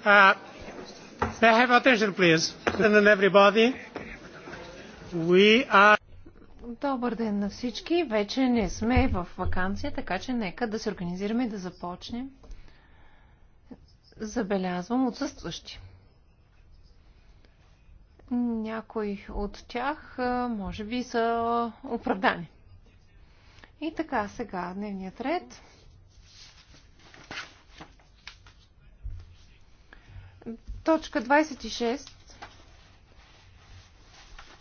Uh, may I have attention, please? And everybody. We are... Добър ден на всички. Вече не сме в вакансия, така че нека да се организираме и да започнем. Забелязвам отсъстващи. Някои от тях може би са оправдани. И така, сега дневният ред. Точка 26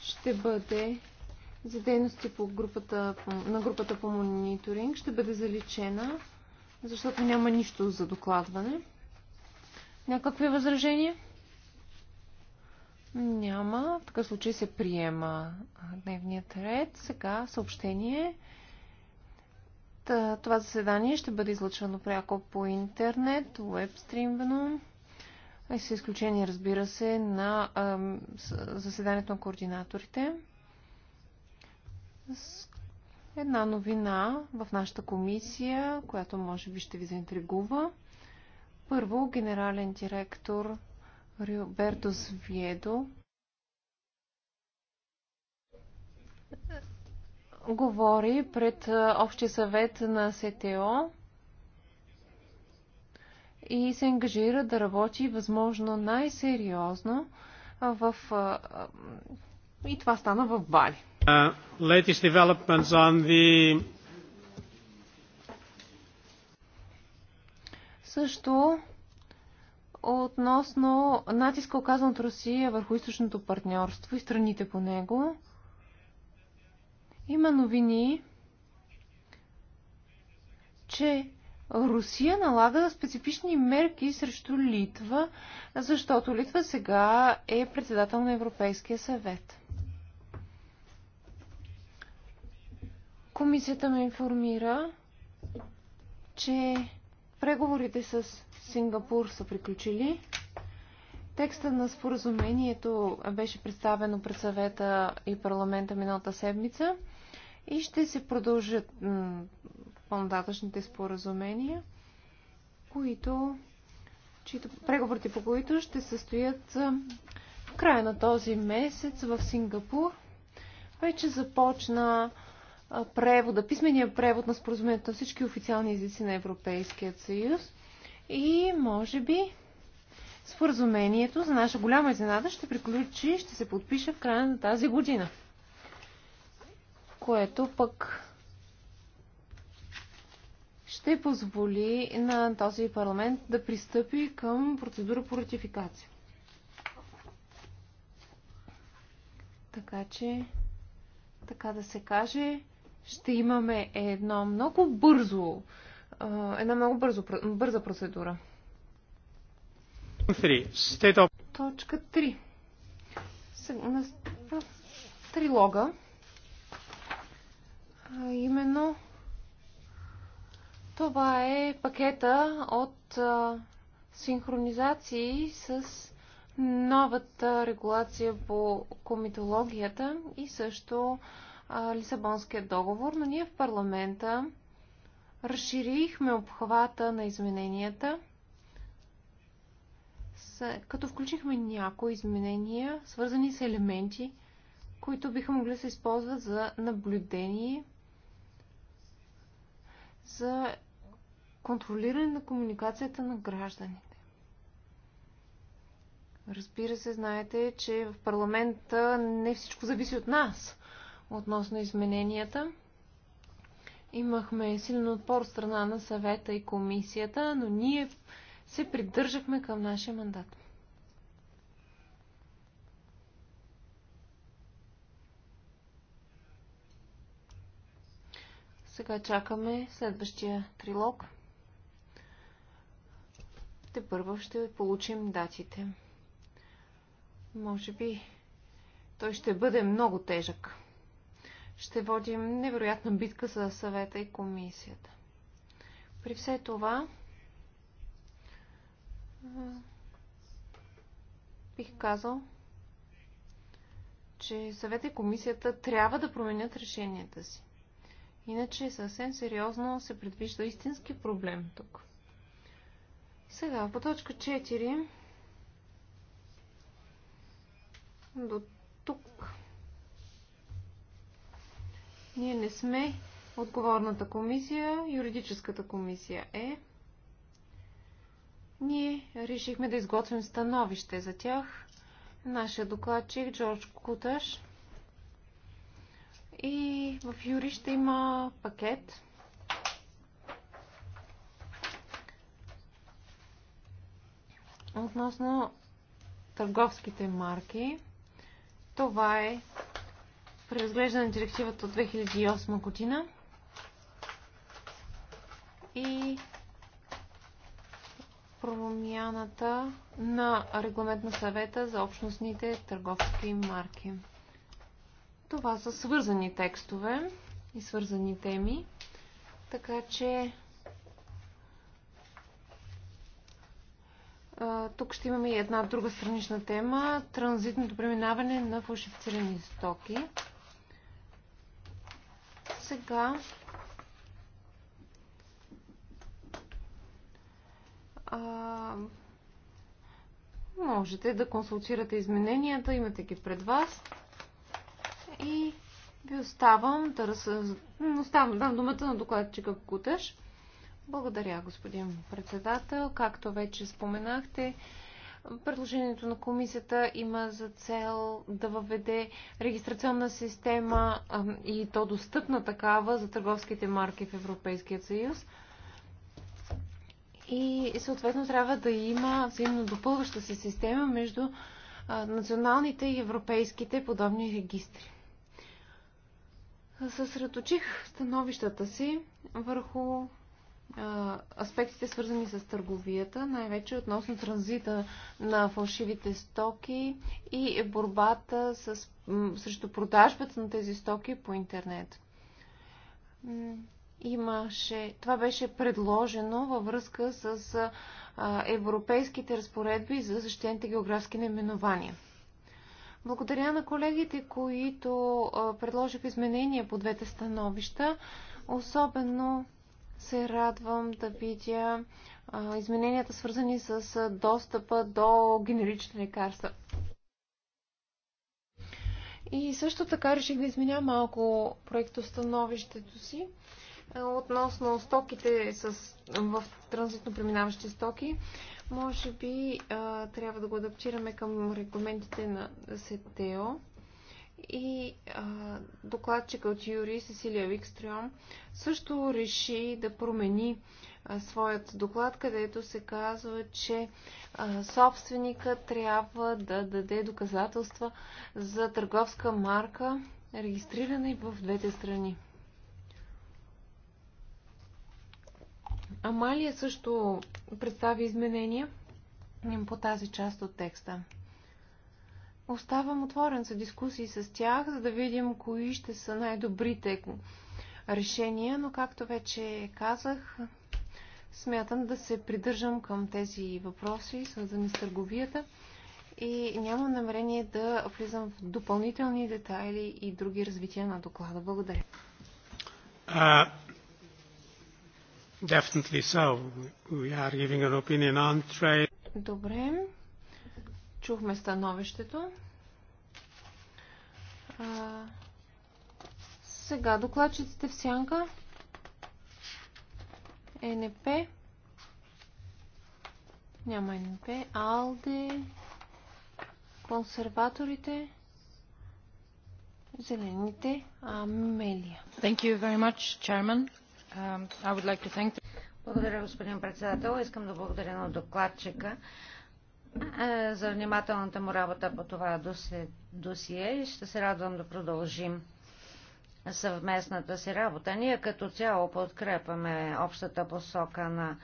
ще бъде за дейности по групата, на групата по мониторинг. Ще бъде заличена, защото няма нищо за докладване. Някакви възражения? Няма. В такъв случай се приема дневният ред. Сега съобщение. Това заседание ще бъде излъчвано пряко по интернет, веб стримвано с изключение, разбира се, на заседанието на координаторите. Една новина в нашата комисия, която може би ще ви заинтригува. Първо, генерален директор Риоберто Свиедо говори пред Общия съвет на СТО и се ангажира да работи възможно най-сериозно в. И това стана в Бали. Uh, latest developments on the Също относно натиска оказан от Русия върху източното партньорство и страните по него. Има новини, че Русия налага специфични мерки срещу Литва, защото Литва сега е председател на Европейския съвет. Комисията ме информира, че преговорите с Сингапур са приключили. Текстът на споразумението беше представено пред съвета и парламента миналата седмица и ще се продължат по-нататъчните споразумения, които, чието, преговорите по които ще състоят в края на този месец в Сингапур. Вече започна превода, писмения превод на споразумението на всички официални езици на Европейския съюз и може би споразумението за наша голяма изненада ще приключи, ще се подпише в края на тази година. Което пък ще позволи на този парламент да пристъпи към процедура по ратификация. Така че, така да се каже, ще имаме едно много бързо, една много бързо, бърза процедура. 3. Точка 3. Трилога. А именно това е пакета от а, синхронизации с новата регулация по комитологията и също а, Лисабонския договор, но ние в парламента разширихме обхвата на измененията, с, като включихме някои изменения, свързани с елементи, които биха могли да се използват за наблюдение, за контролиране на комуникацията на гражданите. Разбира се, знаете, че в парламента не всичко зависи от нас относно измененията. Имахме силен отпор от страна на съвета и комисията, но ние се придържахме към нашия мандат. Сега чакаме следващия трилог те първо ще получим датите. Може би той ще бъде много тежък. Ще водим невероятна битка за съвета и комисията. При все това, бих казал, че съвета и комисията трябва да променят решенията си. Иначе съвсем сериозно се предвижда истински проблем тук. Сега, по точка 4 до тук ние не сме отговорната комисия, юридическата комисия е. Ние решихме да изготвим становище за тях. Нашия докладчик Джордж Куташ. И в Юри ще има пакет Относно търговските марки, това е преразглеждане на директивата от 2008 година и промяната на регламент на съвета за общностните търговски марки. Това са свързани текстове и свързани теми, така че тук ще имаме и една друга странична тема транзитното преминаване на фалшифицирани стоки. Сега а, можете да консултирате измененията, имате ги пред вас и ви оставам да раз... оставам, дам думата на докладчика кутеш. Благодаря, господин председател. Както вече споменахте, предложението на комисията има за цел да въведе регистрационна система и то достъпна такава за търговските марки в Европейския съюз. И съответно трябва да има взаимно допълваща се система между националните и европейските подобни регистри. Съсредоточих становищата си върху аспектите свързани с търговията, най-вече относно транзита на фалшивите стоки и борбата с, срещу продажбата на тези стоки по интернет. Имаше, това беше предложено във връзка с а, европейските разпоредби за защитените географски наименования. Благодаря на колегите, които а, предложиха изменения по двете становища, особено се радвам да видя а, измененията, свързани с достъпа до генерични лекарства. И също така реших да изменя малко проектостановището си относно стоките с, в транзитно преминаващи стоки. Може би а, трябва да го адаптираме към регламентите на СТО и а, докладчика от Юри Сесилия Викстрион също реши да промени а, своят доклад, където се казва, че а, собственика трябва да даде доказателства за търговска марка, регистрирана и в двете страни. Амалия също представи изменения по тази част от текста оставам отворен за дискусии с тях, за да видим кои ще са най-добрите решения, но както вече казах, смятам да се придържам към тези въпроси, свързани с търговията и нямам намерение да влизам в допълнителни детайли и други развития на доклада. Благодаря. Uh, so. Добре. Чухме становището. А, сега докладчиците в сянка. НП. Няма НП. Алде. Консерваторите. Зелените. Амелия. Thank you very much, Chairman. Um, I would like to thank the... Благодаря, господин председател. Искам да благодаря на докладчика за внимателната му работа по това досие и ще се радвам да продължим съвместната си работа. Ние като цяло подкрепаме общата посока на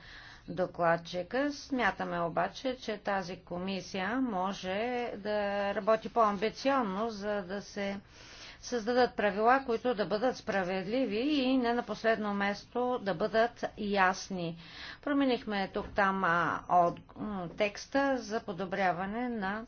докладчика. Смятаме обаче, че тази комисия може да работи по-амбиционно, за да се създадат правила, които да бъдат справедливи и не на последно место да бъдат ясни. Променихме тук-там от текста за подобряване на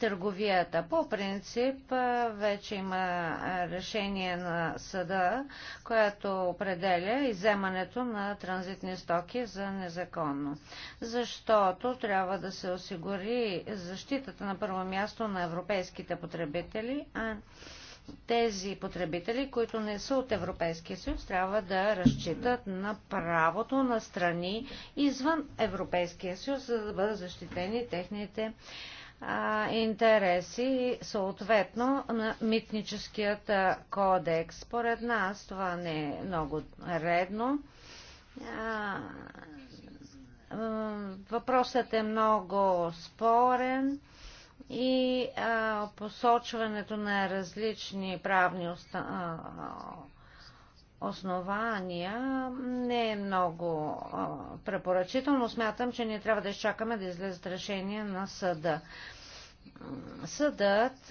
търговията. По принцип вече има решение на съда, което определя иземането на транзитни стоки за незаконно. Защото трябва да се осигури защитата на първо място на европейските потребители, а тези потребители, които не са от Европейския съюз, трябва да разчитат на правото на страни извън Европейския съюз, за да бъдат защитени техните а, интереси, съответно на митническият кодекс. Според нас това не е много редно. А, въпросът е много спорен и а, посочването на различни правни оста, а, основания не е много а, препоръчително. Смятам, че ние трябва да изчакаме да излезат решение на съда. Съдът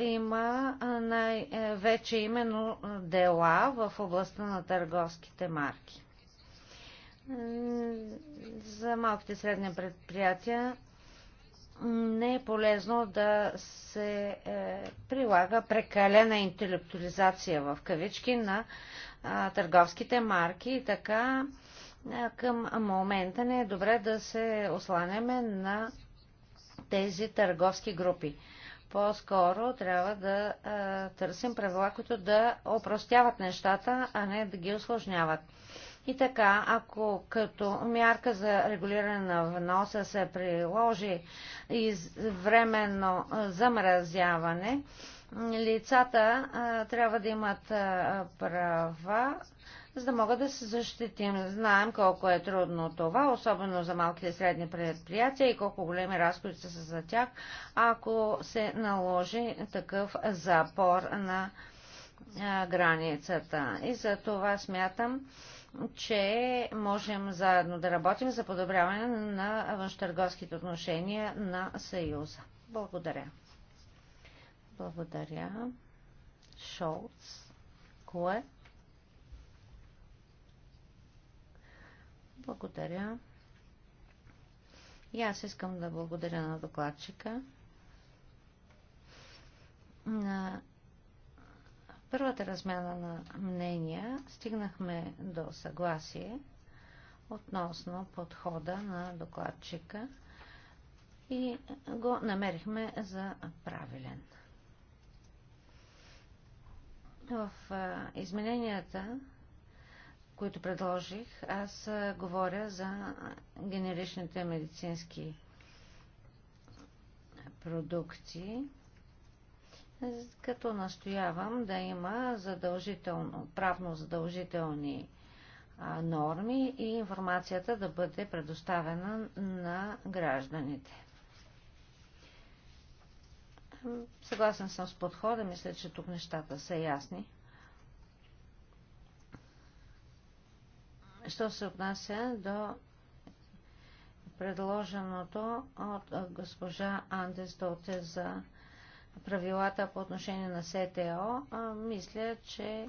има най- вече именно дела в областта на търговските марки. За малките и средни предприятия не е полезно да се е, прилага прекалена интелектуализация в кавички на а, търговските марки и така а, към момента не е добре да се осланяме на тези търговски групи. По-скоро трябва да а, търсим правила, които да опростяват нещата, а не да ги осложняват. И така, ако като мярка за регулиране на вноса се приложи и временно замразяване, лицата а, трябва да имат а, права, за да могат да се защитим. Знаем колко е трудно това, особено за малките и средни предприятия и колко големи разходи са за тях, ако се наложи такъв запор на а, границата. И за това смятам, че можем заедно да работим за подобряване на външнотърговските отношения на Съюза. Благодаря. Благодаря. Шолц. Кое? Благодаря. И аз искам да благодаря на докладчика на първата размяна на мнения стигнахме до съгласие относно подхода на докладчика и го намерихме за правилен. В измененията, които предложих, аз говоря за генеричните медицински продукти, като настоявам да има задължително, правно задължителни норми и информацията да бъде предоставена на гражданите. Съгласен съм с подхода, мисля, че тук нещата са ясни. Що се отнася до предложеното от госпожа Андес Доте за правилата по отношение на СТО, а, мисля, че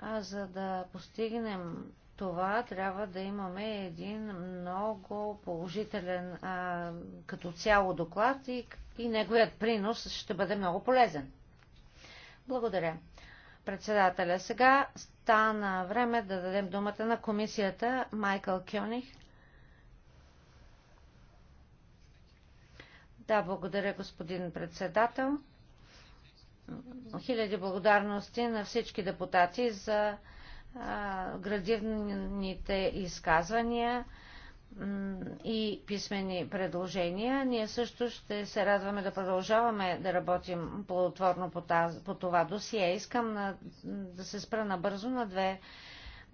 а, за да постигнем това, трябва да имаме един много положителен а, като цяло доклад и, и неговият принос ще бъде много полезен. Благодаря. Председателя, сега стана време да дадем думата на комисията Майкъл Кьоних Да, благодаря, господин председател. Хиляди благодарности на всички депутати за градивните изказвания и писмени предложения. Ние също ще се радваме да продължаваме да работим плодотворно по, таз, по това досие. Искам на, да се спра набързо на две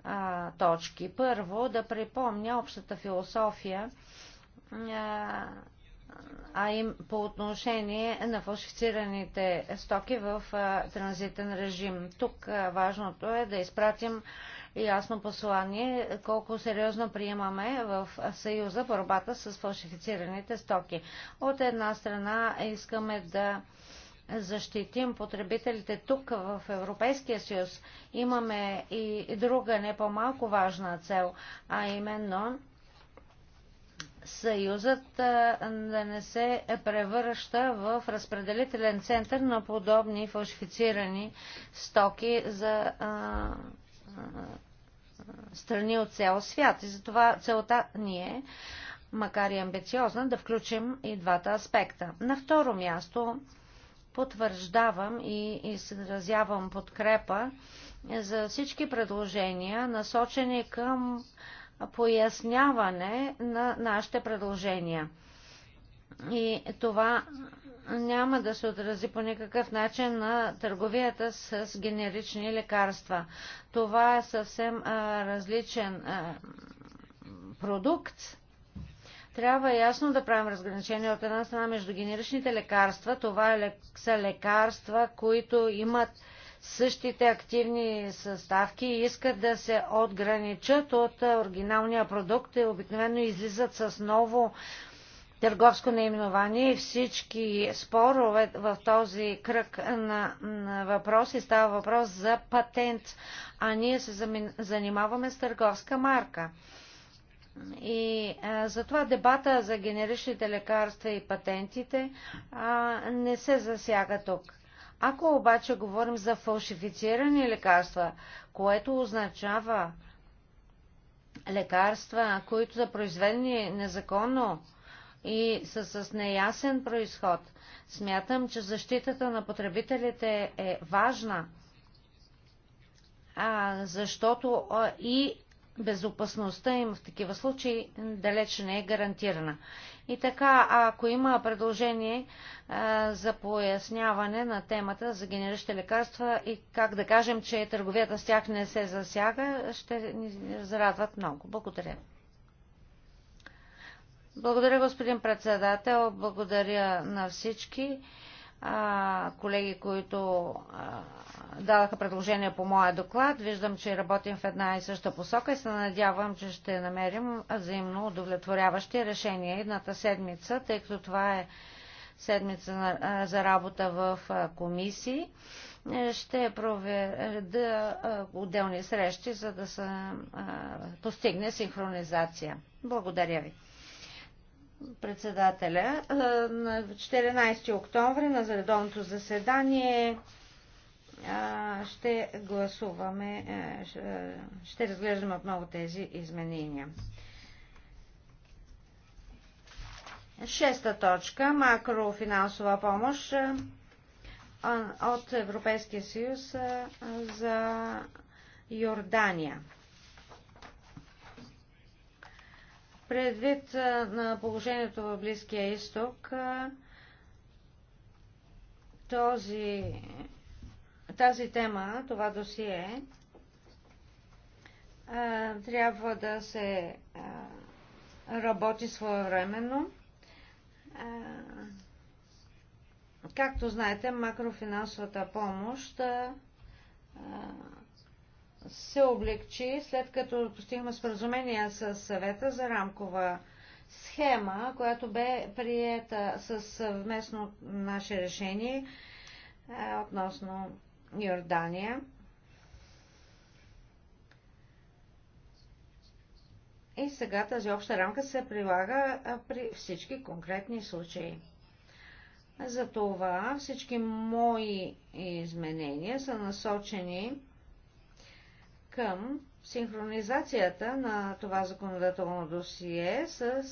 а, точки. Първо, да припомня общата философия а, а им по отношение на фалшифицираните стоки в транзитен режим. Тук важното е да изпратим ясно послание колко сериозно приемаме в Съюза борбата с фалшифицираните стоки. От една страна искаме да защитим потребителите тук в Европейския съюз. Имаме и друга не по-малко важна цел, а именно Съюзът да не се превръща в разпределителен център на подобни фалшифицирани стоки за страни от цял свят. И затова целта ни е, макар и амбициозна, да включим и двата аспекта. На второ място потвърждавам и изразявам подкрепа за всички предложения, насочени към поясняване на нашите предложения. И това няма да се отрази по никакъв начин на търговията с генерични лекарства. Това е съвсем а, различен а, продукт. Трябва ясно да правим разграничение от една страна между генеричните лекарства. Това е са лекарства, които имат същите активни съставки и искат да се отграничат от оригиналния продукт и обикновено излизат с ново търговско наименование всички спорове в този кръг на, на въпроси става въпрос за патент, а ние се занимаваме с търговска марка. И а, затова дебата за генеричните лекарства и патентите а, не се засяга тук. Ако обаче говорим за фалшифицирани лекарства, което означава лекарства, които са произведени незаконно и са с неясен происход, смятам, че защитата на потребителите е важна, защото и безопасността им в такива случаи далеч не е гарантирана. И така, ако има предложение а, за поясняване на темата за генеричните лекарства и как да кажем, че търговията с тях не се засяга, ще ни зарадват много. Благодаря. Благодаря, господин председател. Благодаря на всички а, колеги, които а, дадаха предложения по моя доклад. Виждам, че работим в една и съща посока и се надявам, че ще намерим взаимно удовлетворяващи решения едната седмица, тъй като това е седмица за работа в комисии. Е, ще проведа отделни срещи, за да се постигне синхронизация. Благодаря ви председателя. На 14 октомври на заредовното заседание ще гласуваме, е, ще разглеждаме отново тези изменения. Шеста точка. Макрофинансова помощ е, от Европейския съюз е, за Йордания. Предвид на положението в Близкия изток, този тази тема, това досие, трябва да се работи своевременно. Както знаете, макрофинансовата помощ се облегчи след като постигна споразумение с съвета за рамкова схема, която бе приета със съвместно наше решение относно Йордания. И сега тази обща рамка се прилага при всички конкретни случаи. Затова всички мои изменения са насочени към синхронизацията на това законодателно досие с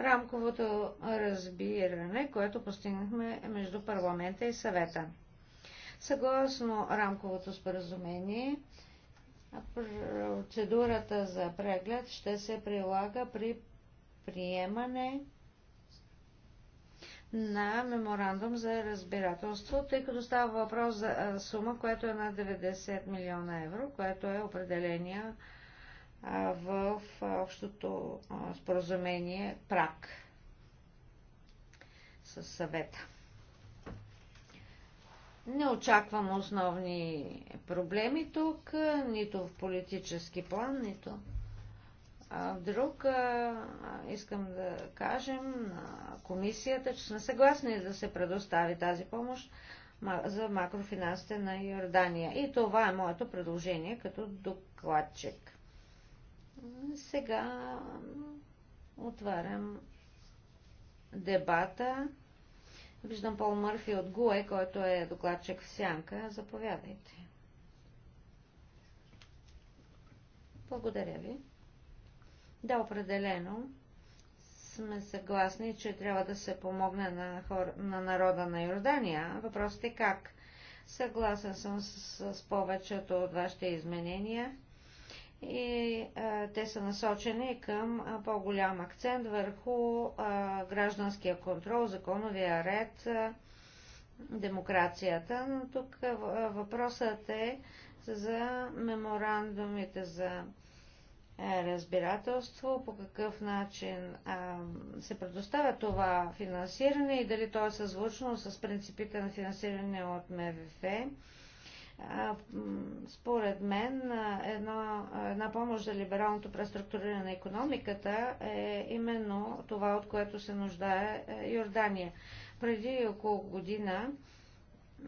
рамковото разбиране, което постигнахме между парламента и съвета. Съгласно рамковото споразумение, процедурата за преглед ще се прилага при приемане на меморандум за разбирателство, тъй като става въпрос за сума, която е на 90 милиона евро, което е определение в общото споразумение ПРАК със съвета. Не очаквам основни проблеми тук, нито в политически план, нито в друг. Искам да кажем на комисията, че сме съгласни да се предостави тази помощ за макрофинансите на Йордания. И това е моето предложение като докладчик. Сега отварям дебата. Виждам Пол Мърфи от ГУЕ, който е докладчик в Сянка. Заповядайте. Благодаря ви. Да, определено сме съгласни, че трябва да се помогне на, хор... на народа на Йордания. Въпросът е как? Съгласен съм с, с повечето от вашите изменения и а, те са насочени към по-голям акцент върху а, гражданския контрол, законовия ред, а, демокрацията. Но тук въпросът е за меморандумите за е, разбирателство, по какъв начин а, се предоставя това финансиране и дали то е съзвучно с принципите на финансиране от МВФ. Според мен една, една помощ за либералното преструктуриране на економиката е именно това, от което се нуждае е, Йордания. Преди около година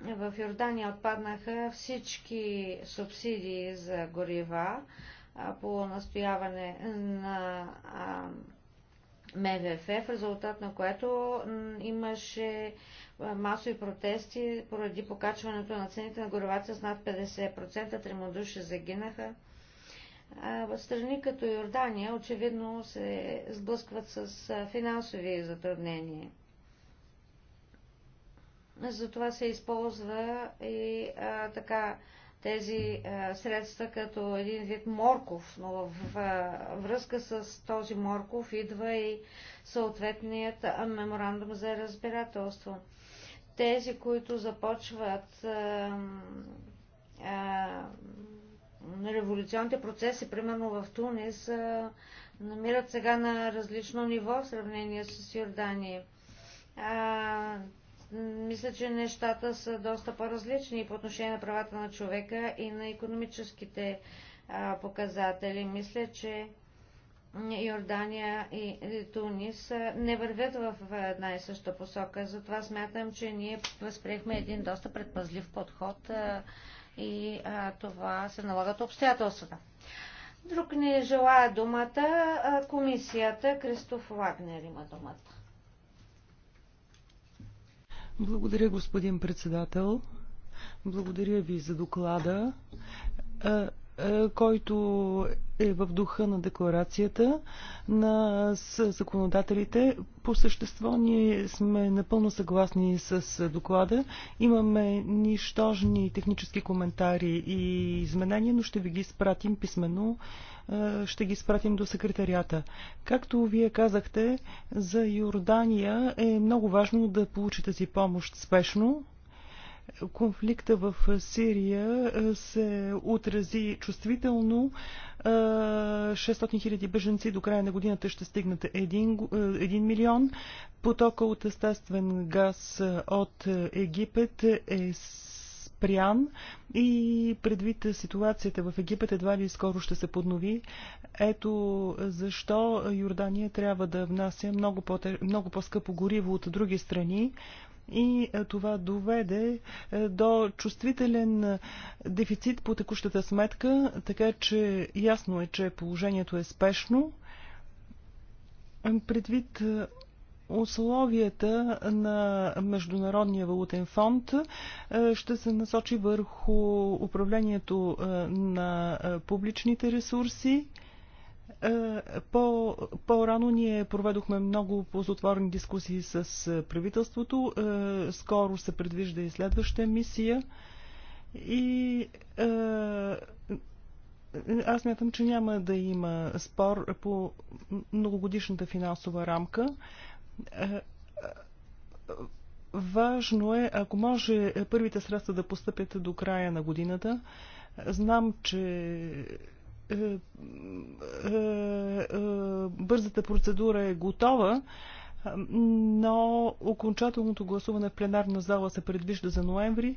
в Йордания отпаднаха всички субсидии за горива по настояване на МВФ, в резултат на което имаше масови протести поради покачването на цените на горивата с над 50%. Трима души загинаха. В страни като Йордания очевидно се сблъскват с финансови затруднения. Затова се използва и а, така тези а, е, средства като един вид морков, но в а, е, връзка с този морков идва и съответният а, е, меморандум за разбирателство. Тези, които започват а, а, революционните процеси, примерно в Тунис, а, намират сега на различно ниво в сравнение с Йордания. А, мисля, че нещата са доста по-различни по отношение на правата на човека и на економическите а, показатели. Мисля, че Йордания и Тунис не вървят в една и съща посока. Затова смятам, че ние възприехме един доста предпазлив подход а, и а, това се налагат обстоятелствата. Друг не желая думата. Комисията Кристоф Вагнер има думата. Благодаря, господин председател. Благодаря ви за доклада. Е, който е в духа на декларацията на законодателите. По същество ние сме напълно съгласни с доклада. Имаме нищожни технически коментари и изменения, но ще ви ги спратим писменно. Е, ще ги спратим до секретарията. Както вие казахте, за Йордания е много важно да получите си помощ спешно, конфликта в Сирия се отрази чувствително. 600 000 беженци до края на годината ще стигнат 1, 1 милион. Потока от естествен газ от Египет е спрян и предвид ситуацията в Египет едва ли скоро ще се поднови. Ето защо Йордания трябва да внася много по-скъпо по гориво от други страни и е, това доведе е, до чувствителен е, дефицит по текущата сметка, така че ясно е, че положението е спешно. Предвид условията на Международния валутен фонд ще се насочи върху управлението на публичните ресурси, е, по, по-рано ние проведохме много ползотворни дискусии с е, правителството. Е, скоро се предвижда и следваща мисия. И аз мятам, че няма да има спор по многогодишната финансова рамка. Важно е, ако може първите средства да постъпят до края на годината. Знам, че е, е, е, бързата процедура е готова, но окончателното гласуване в пленарна зала се предвижда за ноември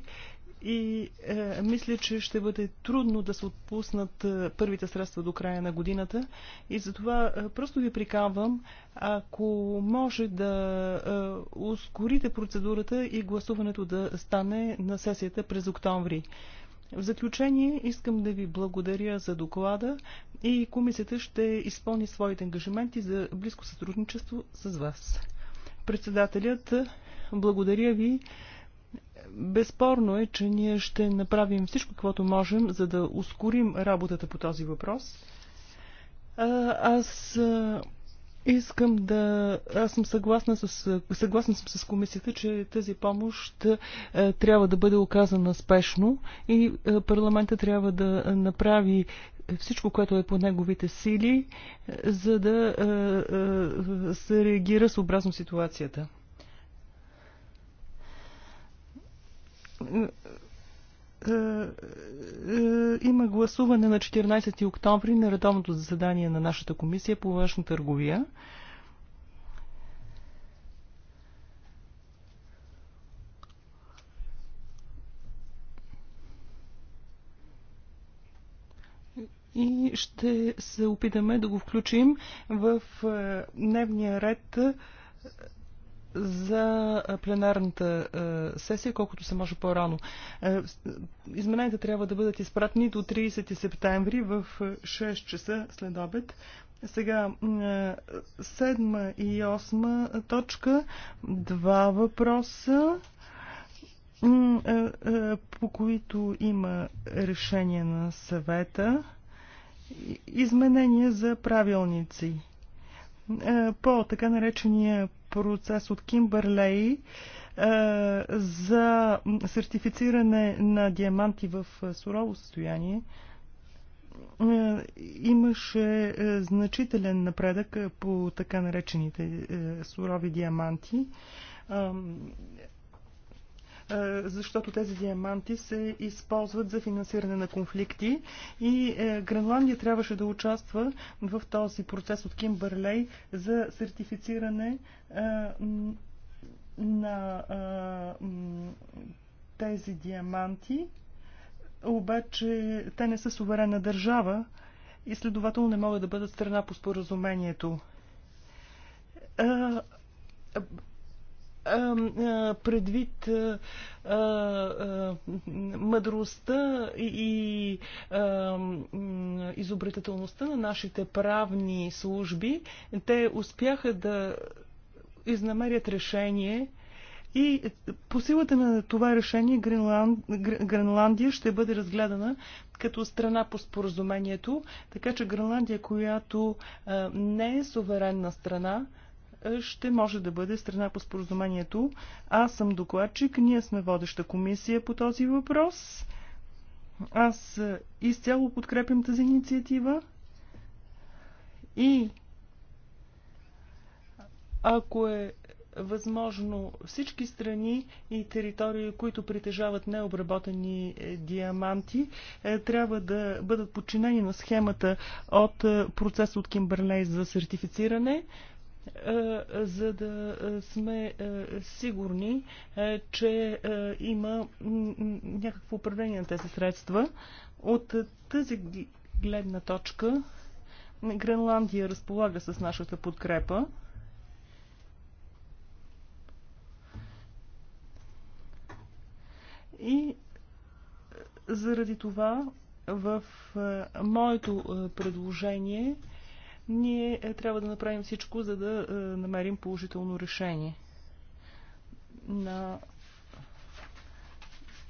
и е, мисля, че ще бъде трудно да се отпуснат е, първите средства до края на годината. И затова е, просто ви приканвам, ако може да е, ускорите процедурата и гласуването да стане на сесията през октомври. В заключение искам да ви благодаря за доклада и комисията ще изпълни своите ангажименти за близко сътрудничество с вас. Председателят, благодаря ви. Безспорно е, че ние ще направим всичко, което можем, за да ускорим работата по този въпрос. Аз Искам да... Аз съм съгласна с... Съгласна съм с комисията, че тази помощ е, трябва да бъде оказана спешно и е, парламента трябва да направи всичко, което е по неговите сили, е, за да се реагира съобразно ситуацията. Uh има гласуване на 14 октомври на редовното заседание на нашата комисия по външна търговия. и ще се опитаме да го включим в е, дневния ред за пленарната сесия, колкото се може по-рано. Измененията трябва да бъдат изпратени до 30 септември в 6 часа след обед. Сега, седма и осма точка, два въпроса, по които има решение на съвета. Изменения за правилници по така наречения процес от Кимберлей е, за сертифициране на диаманти в сурово състояние е, имаше е, значителен напредък по така наречените сурови диаманти. Е, защото тези диаманти се използват за финансиране на конфликти и е, Гренландия трябваше да участва в този процес от Кимбърлей за сертифициране е, на тези диаманти, обаче те не са суверена държава и следователно не могат да бъдат страна по споразумението предвид мъдростта и изобретателността на нашите правни служби, те успяха да изнамерят решение и по силата на това решение Гренланд... Гренландия ще бъде разгледана като страна по споразумението, така че Гренландия, която не е суверенна страна, ще може да бъде страна по споразумението. Аз съм докладчик, ние сме водеща комисия по този въпрос. Аз е, изцяло подкрепям тази инициатива и ако е възможно всички страни и територии, които притежават необработени е, диаманти, е, трябва да бъдат подчинени на схемата от процес от Кимберлей за сертифициране. Е, за да е, сме е, сигурни, че има някакво управление на тези средства. От тази гледна точка Гренландия разполага с нашата подкрепа. И заради това в моето предложение ние е, трябва да направим всичко, за да е, намерим положително решение на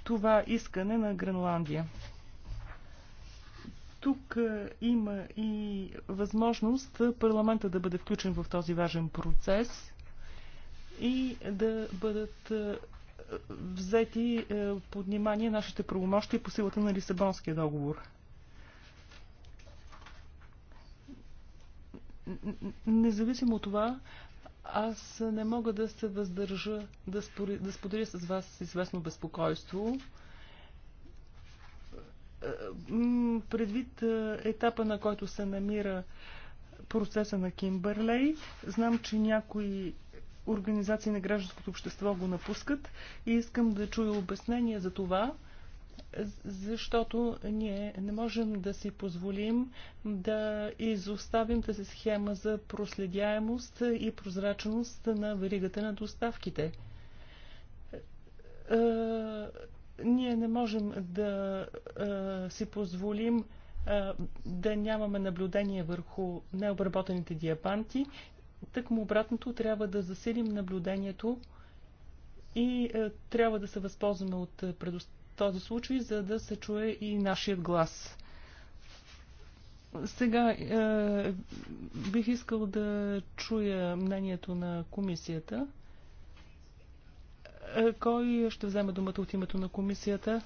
това искане на Гренландия. Тук е, има и възможност парламента да бъде включен в този важен процес и да бъдат взети под внимание нашите правомощи по силата на Лисабонския договор. Независимо от това, аз не мога да се въздържа да, спори, да споделя с вас известно безпокойство. Предвид етапа, на който се намира процеса на Кимберлей, знам, че някои организации на гражданското общество го напускат и искам да чуя обяснение за това, защото ние не можем да си позволим да изоставим тази схема за проследяемост и прозрачност на веригата на доставките. Е, ние не можем да е, си позволим е, да нямаме наблюдение върху необработените диапанти. Тъкмо обратното, трябва да засилим наблюдението и трябва да се възползваме от предоставянето този случай, за да се чуе и нашият глас. Сега е, бих искал да чуя мнението на комисията. Е, кой ще вземе думата от името на комисията?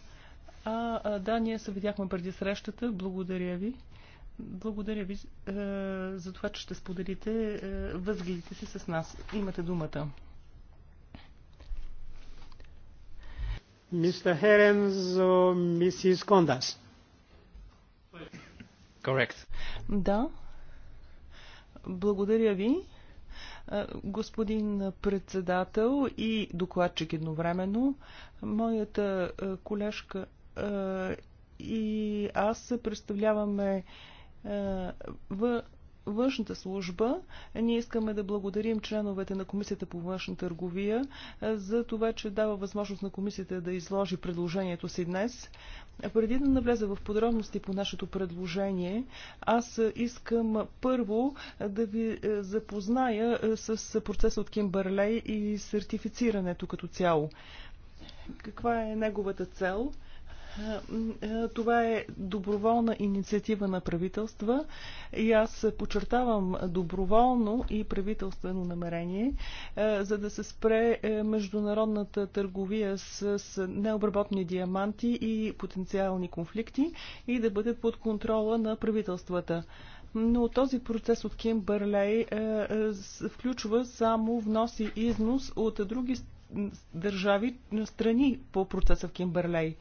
А, а да, ние се видяхме преди срещата. Благодаря ви. Благодаря ви е, за това, че ще споделите е, възгледите си с нас. Имате думата. Mr. Herens or Mrs. Kondas? Correct. Да. Благодаря ви. Господин председател и докладчик едновременно, моята колежка и аз представляваме в външната служба. Ние искаме да благодарим членовете на Комисията по външна търговия за това, че дава възможност на Комисията да изложи предложението си днес. Преди да навлеза в подробности по нашето предложение, аз искам първо да ви е, запозная е, с процеса от Кимберлей и сертифицирането като цяло. Каква е неговата цел? Е, е, това е доброволна инициатива на правителства и аз подчертавам доброволно и правителствено намерение, е, за да се спре международната търговия с необработни диаманти и потенциални конфликти и да бъдат под контрола на правителствата. Но този процес от Ким Бърлей включва само внос и износ от други държави, страни по процеса в Кимберлей.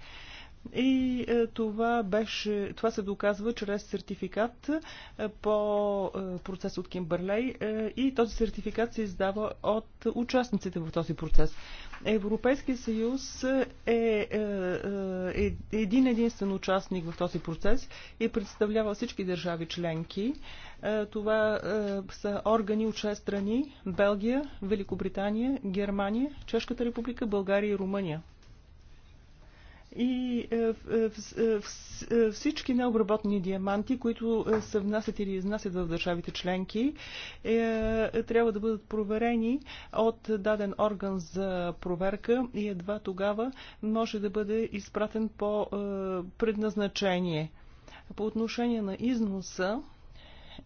И е, това, беше, това се доказва чрез сертификат е, по е, процес от Кимберлей и този сертификат се издава от участниците в този процес. Европейския съюз е, е, е един единствен участник в този процес и представлява всички държави членки. Това е, са органи от 6 страни Белгия, Великобритания, Германия, Чешката република, България и Румъния и е, е, е, всички необработени диаманти, които се внасят или изнасят в държавите членки, трябва да бъдат проверени от даден орган за проверка и едва тогава може да бъде изпратен по предназначение. По отношение на износа,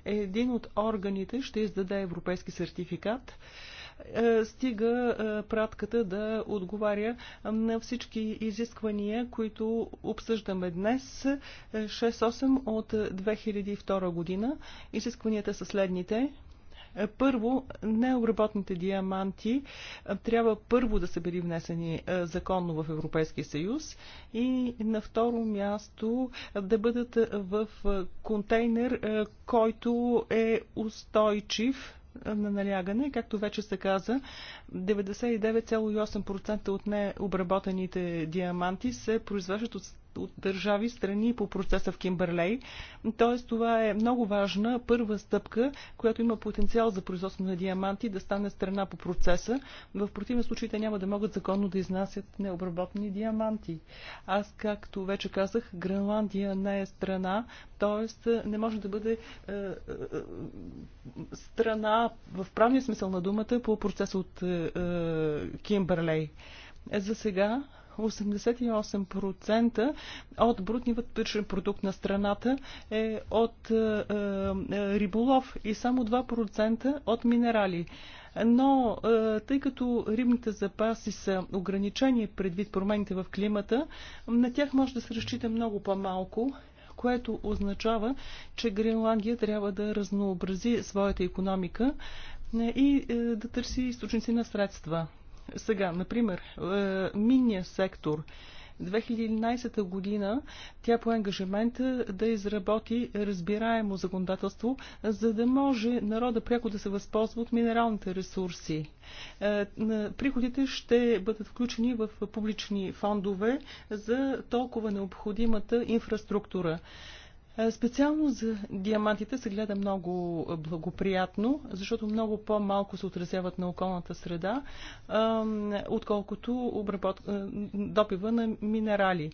един от органите ще издаде европейски сертификат, е, стига е, пратката да отговаря на всички изисквания, които обсъждаме днес. 6-8 е, от 2002 година. Изискванията са следните. Първо, необработните диаманти трябва първо да са били внесени законно в Европейския съюз и на второ място да бъдат в контейнер, който е устойчив на налягане. Както вече се каза, 99,8% от необработените диаманти се произвеждат от от държави страни по процеса в Кимберлей. Тоест това е много важна първа стъпка, която има потенциал за производство на диаманти да стане страна по процеса. В противен случай те няма да могат законно да изнасят необработни диаманти. Аз, както вече казах, Гренландия не е страна, т.е. не може да бъде е, е, страна в правния смисъл на думата по процеса от е, е Кимберлей. за сега 88% от брутния вътрешен продукт на страната е от е, е риболов и само 2% от минерали. Но е, тъй като рибните запаси са ограничени предвид промените в климата, на тях може да се разчита много по-малко което означава, че Гренландия трябва да разнообрази своята економика е, и да търси източници на средства. Сега, например, е, минния сектор. 2011 година тя по ангажимент да изработи разбираемо законодателство, за да може народа пряко да се възползва от минералните ресурси. Е, приходите ще бъдат включени в публични фондове за толкова необходимата инфраструктура. Е, специално за диамантите се гледа много благоприятно, защото много по-малко се отразяват на околната среда, отколкото обработ... Е, допива на минерали.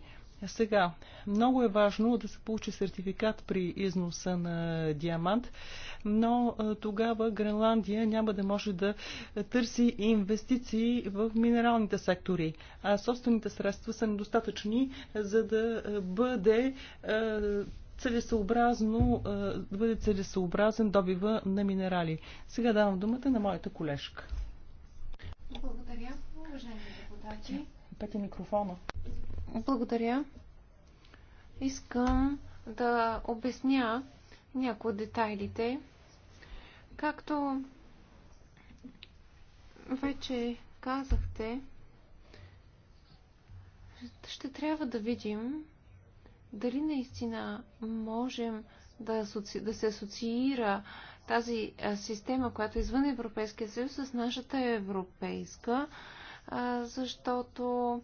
Сега, много е важно да се получи сертификат при износа на диамант, но е, тогава Гренландия няма да може да търси инвестиции в минералните сектори, а собствените средства са недостатъчни, за да бъде целесообразно, е, да бъде целесообразен добива на минерали. Сега давам думата на моята колежка. Благодаря, уважаеми депутати. Пете микрофона. Благодаря. Искам да обясня някои детайлите. Както вече казахте, ще трябва да видим дали наистина можем да, асоци... да се асоциира тази система, която е извън Европейския съюз, с нашата европейска, защото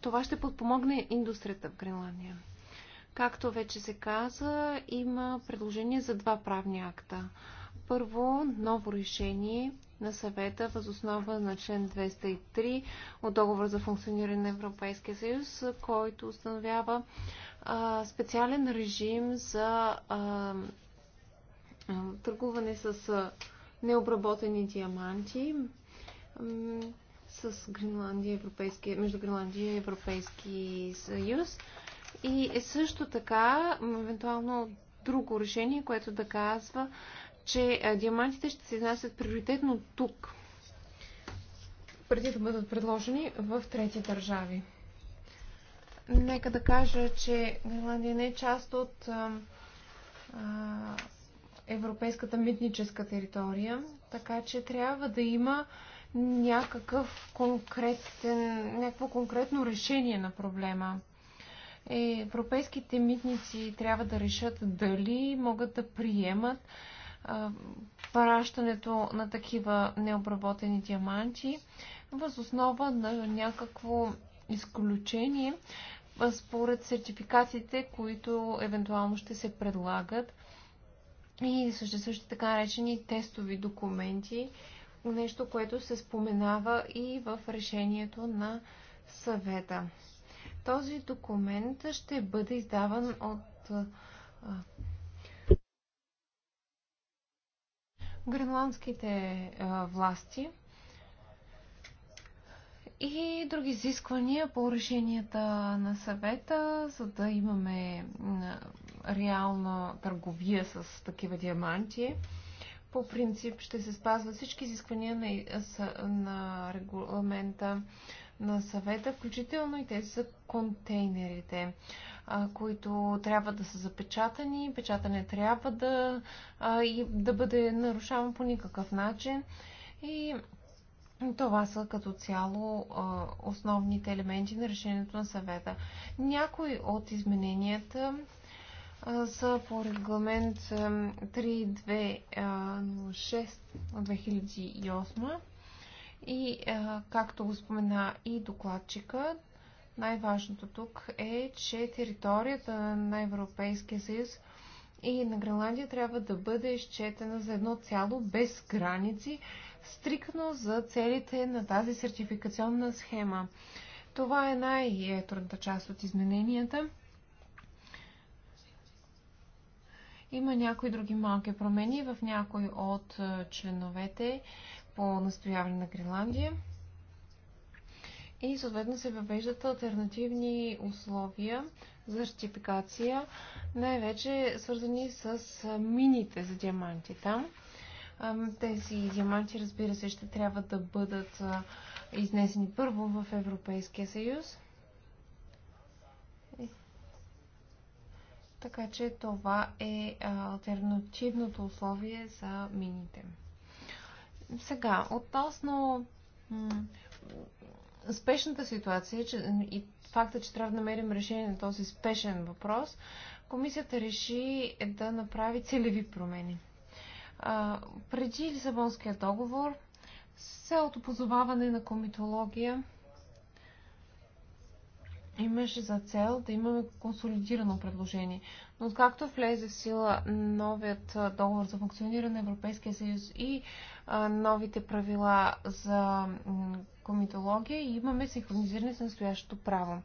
това ще подпомогне индустрията в Гренландия. Както вече се каза, има предложение за два правни акта. Първо, ново решение на съвета въз основа на член 203 от договор за функциониране на Европейския съюз, който установява а, специален режим за а, а, търгуване с а, необработени диаманти с Гренландия, Европейски, между Гренландия и Европейски съюз. И е също така, евентуално друго решение, което да казва че диамантите ще се изнасят приоритетно тук, преди да бъдат предложени в трети държави. Нека да кажа, че Гренландия не е част от а, европейската митническа територия, така че трябва да има някакъв конкретен, някакво конкретно решение на проблема. европейските митници трябва да решат дали могат да приемат пращането на такива необработени диаманти възоснова на някакво изключение според сертификатите, които евентуално ще се предлагат и също, също така наречени тестови документи, нещо, което се споменава и в решението на съвета. Този документ ще бъде издаван от гренландските а, власти и други изисквания по решенията на съвета, за да имаме реална търговия с такива диаманти. По принцип ще се спазват всички изисквания на, на регламента на съвета, включително и тези за контейнерите а, които трябва да са запечатани. Печатане трябва да, а, и да бъде нарушавано по никакъв начин. И това са като цяло а, основните елементи на решението на съвета. Някои от измененията са по регламент 3206 от 2008 и, както го спомена и докладчика, най-важното тук е, че територията на Европейския съюз и на Гренландия трябва да бъде изчетена за едно цяло без граници, стрикно за целите на тази сертификационна схема. Това е най-трудната част от измененията. Има някои други малки промени в някои от членовете по настояване на Гренландия и съответно се въвеждат альтернативни условия за сертификация, най-вече свързани с мините за диаманти там. Тези диаманти, разбира се, ще трябва да бъдат изнесени първо в Европейския съюз. Така че това е альтернативното условие за мините. Сега, относно спешната ситуация е, че, и факта, че трябва да намерим решение на този спешен въпрос, комисията реши да направи целеви промени. А, преди Лисабонския договор, с цялото позоваване на комитология имаше за цел да имаме консолидирано предложение. Но откакто влезе в сила новият договор за функциониране на Европейския съюз и а, новите правила за комитология и имаме синхронизиране с настоящото право.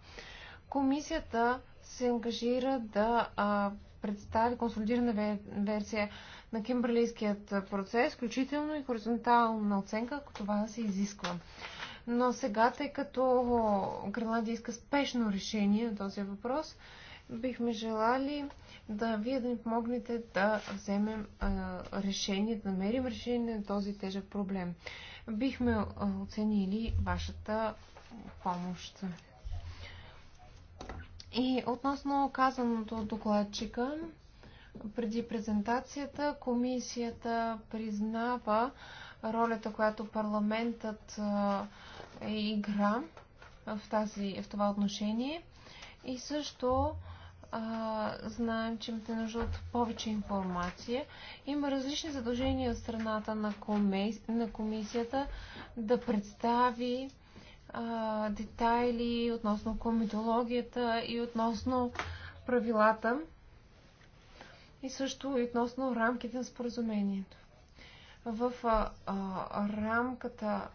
Комисията се ангажира да а, представи консолидирана версия на кембрилийският процес, включително и хоризонтална оценка, ако това се изисква. Но сега, тъй като Гренландия иска спешно решение на този въпрос, бихме желали да вие да ни помогнете да вземем а, решение, да намерим решение на този тежък проблем бихме оценили вашата помощ. И относно казаното от докладчика, преди презентацията комисията признава ролята, която парламентът игра в, тази, в това отношение и също а, знаем, че имате нужда от повече информация. Има различни задължения от страната на, комис... на комисията да представи а, детайли относно комитологията и относно правилата и също и относно рамките на споразумението. В а, а, рамката,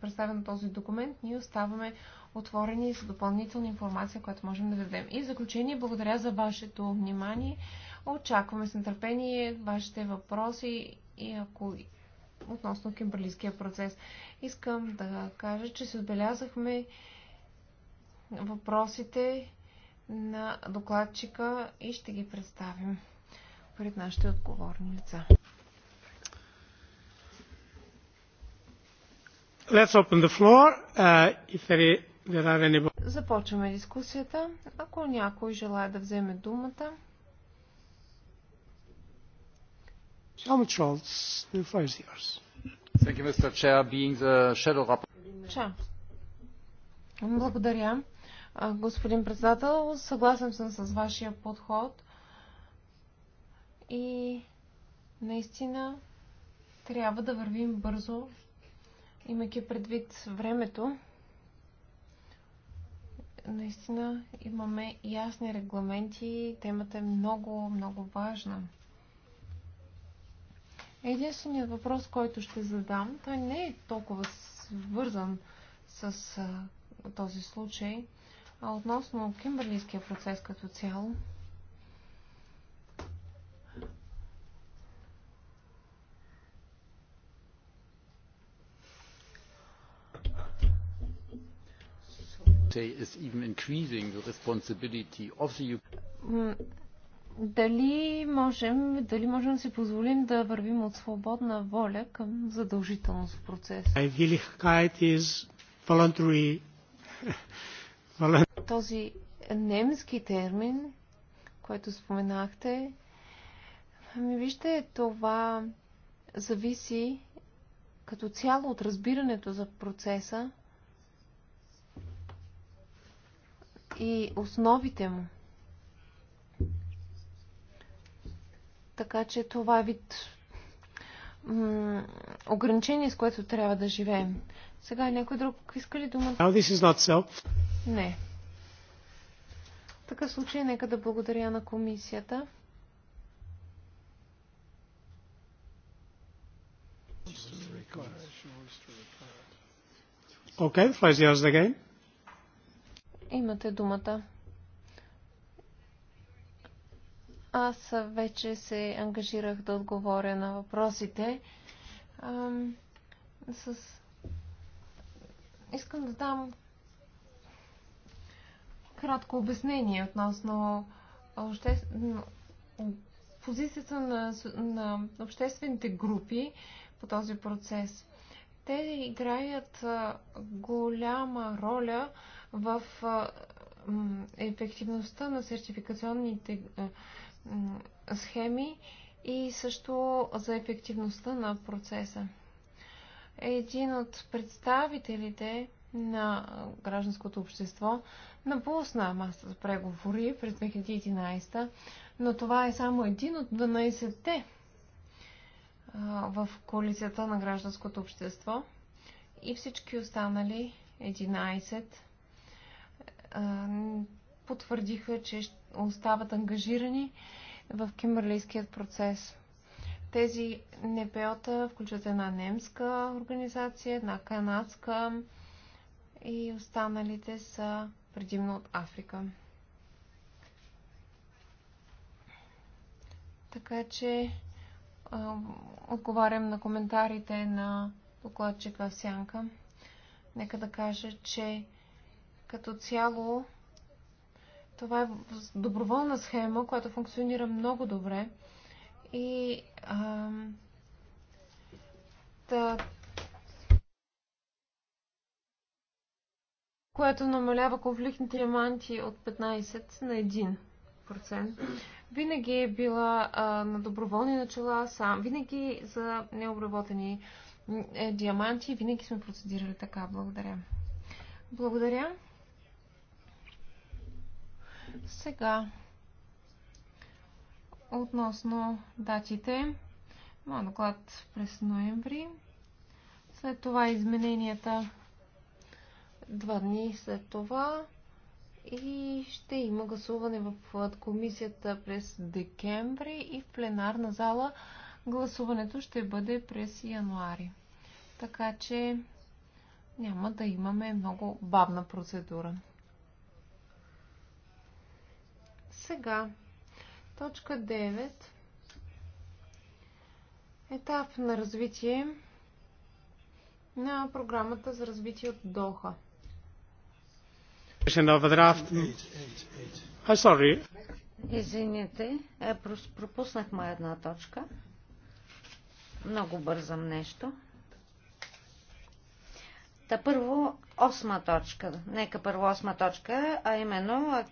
представена този документ, ние оставаме отворени за допълнителна информация, която можем да дадем. И в заключение, благодаря за вашето внимание. Очакваме с нетърпение вашите въпроси и ако относно кимберлийския процес. Искам да кажа, че се отбелязахме въпросите на докладчика и ще ги представим пред нашите отговорни лица. Let's open the floor. Uh, if there Започваме дискусията. Ако някой желая да вземе думата. Благодаря. Господин председател, съгласен съм с вашия подход и наистина трябва да вървим бързо, имайки предвид времето наистина имаме ясни регламенти. Темата е много, много важна. Единственият въпрос, който ще задам, той не е толкова свързан с този случай, а относно кимберлийския процес като цяло. дали можем, дали можем да си позволим да вървим от свободна воля към задължителност в процеса? Този немски термин, който споменахте, ами вижте, това зависи като цяло от разбирането за процеса и основите му. Така че това е вид ограничение, с което трябва да живеем. Сега е някой друг иска ли думата? No, this is not self. Не. В такъв случай нека да благодаря на комисията. Okay, five years Имате думата. Аз вече се ангажирах да отговоря на въпросите. А, с... Искам да дам кратко обяснение относно още... позицията на, на обществените групи по този процес. Те играят голяма роля в ефективността на сертификационните схеми и също за ефективността на процеса. Един от представителите на гражданското общество напусна масата за преговори през 2011, но това е само един от 12-те в коалицията на гражданското общество и всички останали 11 потвърдиха, че остават ангажирани в кимърлийският процес. Тези НПО-та включват една немска организация, една канадска и останалите са предимно от Африка. Така че отговарям на коментарите на докладчика в Сянка. Нека да кажа, че като цяло, това е доброволна схема, която функционира много добре. И а, та, което намалява конфликтните елементи от 15 на 1%. Винаги е била а, на доброволни начала сам. Винаги за необработени е, диаманти. Винаги сме процедирали така. Благодаря. Благодаря. Сега, относно датите, моят доклад през ноември, след това измененията два дни след това и ще има гласуване в комисията през декември и в пленарна зала гласуването ще бъде през януари. Така че няма да имаме много бавна процедура. Сега, точка 9. Етап на развитие на програмата за развитие от Доха. Извините, пропуснахме една точка. Много бързам нещо. Та първо, осма точка. Нека първо осма точка, а именно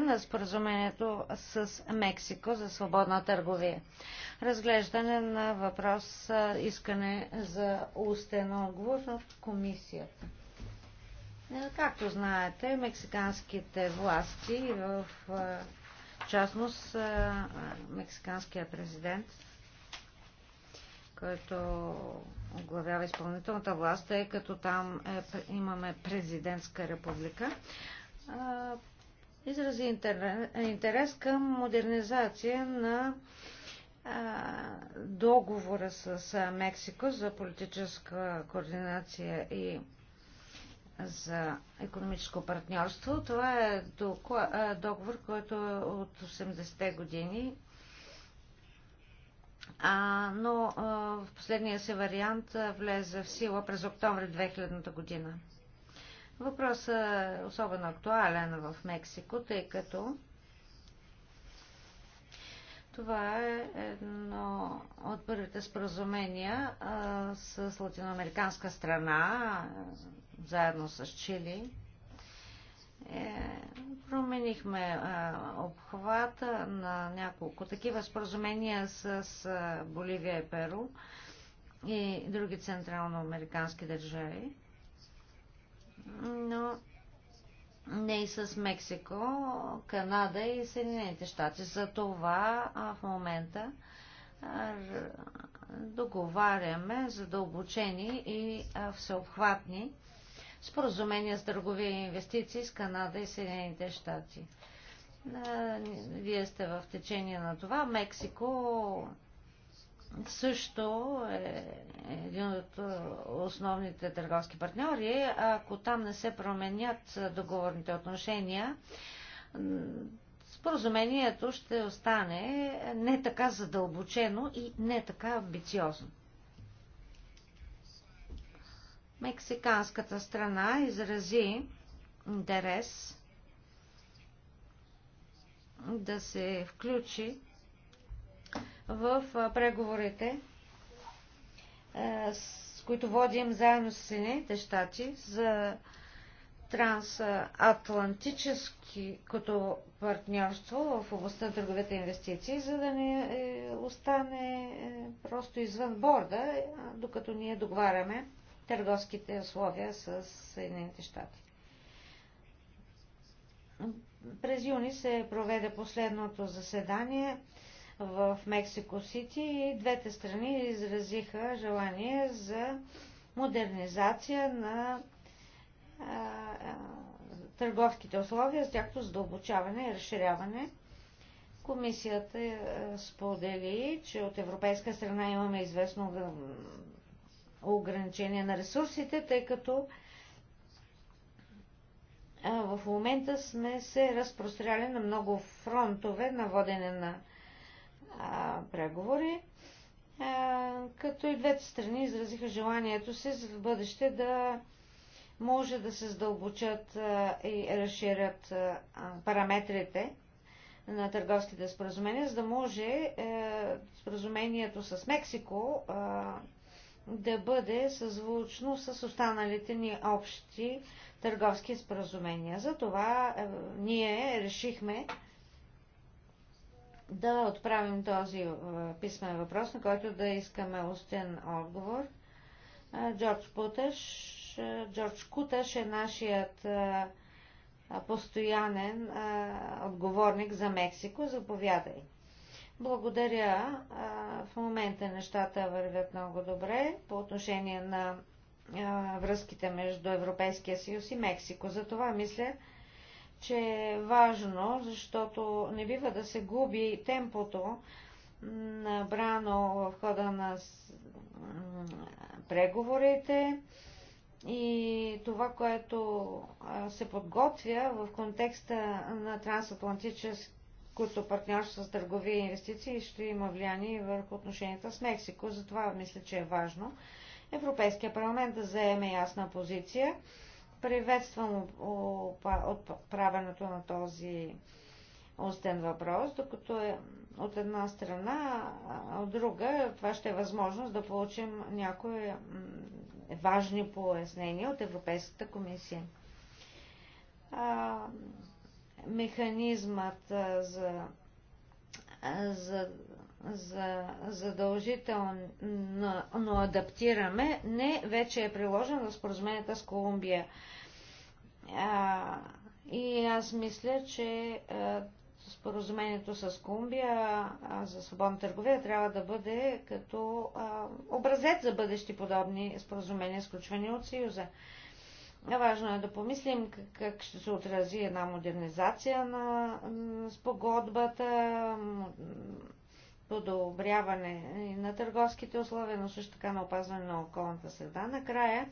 на споразумението с Мексико за свободна търговия. Разглеждане на въпрос искане за устен отговор в комисията. Е, както знаете, мексиканските власти в частност мексиканския президент, който оглавява изпълнителната власт, тъй като там е, имаме президентска република. А, изрази интерес, интерес към модернизация на а, договора с а, Мексико за политическа координация и за економическо партньорство. Това е договор, който е от 80-те години а, но а, в последния си вариант а, влезе в сила през октомври 2000 година. Въпросът е особено актуален в Мексико, тъй като това е едно от първите споразумения с латиноамериканска страна, заедно с Чили, е, променихме обхвата на няколко такива споразумения с Боливия и Перу и други централноамерикански държави, но не и с Мексико, Канада и Съединените щати. За това а, в момента а, договаряме задълбочени и а, всеобхватни а, споразумения с търговия и инвестиции с Канада и Съединените щати. Вие сте в течение на това. Мексико също е един от основните търговски партньори. Ако там не се променят договорните отношения, споразумението ще остане не така задълбочено и не така амбициозно. Мексиканската страна изрази интерес да се включи в преговорите, с които водим заедно с Съединените щати за трансатлантическото партньорство в областта на търговите инвестиции, за да не е, остане е, просто извън борда, докато ние договаряме търговските условия с Съединените щати. През юни се проведе последното заседание в Мексико Сити и двете страни изразиха желание за модернизация на а, а, търговските условия, с тяхто задълбочаване и разширяване. Комисията е, сподели, че от европейска страна имаме известно ограничение на ресурсите, тъй като в момента сме се разпростряли на много фронтове на водене на преговори, като и двете страни изразиха желанието си в бъдеще да може да се задълбочат и разширят параметрите на търговските споразумения, за да може е, споразумението с Мексико, да бъде съзвучно с останалите ни общи търговски споразумения. Затова е, ние решихме да отправим този е, писмен въпрос, на който да искаме устен отговор. Е, Джордж Куташ, е, Джордж Куташ е нашият е, постоянен е, отговорник за Мексико. Заповядай. Благодаря. В момента нещата вървят много добре по отношение на връзките между Европейския съюз и Мексико. За това мисля, че е важно, защото не бива да се губи темпото набрано в хода на преговорите и това, което се подготвя в контекста на трансатлантически които партньорство с търговия и инвестиции ще има влияние върху отношенията с Мексико. Затова мисля, че е важно Европейския парламент да заеме ясна позиция. Приветствам отправенето на този устен въпрос, докато е от една страна, а от друга това ще е възможност да получим някои важни пояснения от Европейската комисия механизмът за, за, за задължително адаптираме, не вече е приложен в споразумението с Колумбия. А, и аз мисля, че а, споразумението с Колумбия за свободна търговия трябва да бъде като а, образец за бъдещи подобни споразумения, сключвани от Съюза. Е, важно е да помислим как ще се отрази една модернизация на спогодбата, подобряване на търговските условия, но също така на опазване на околната среда. Накрая,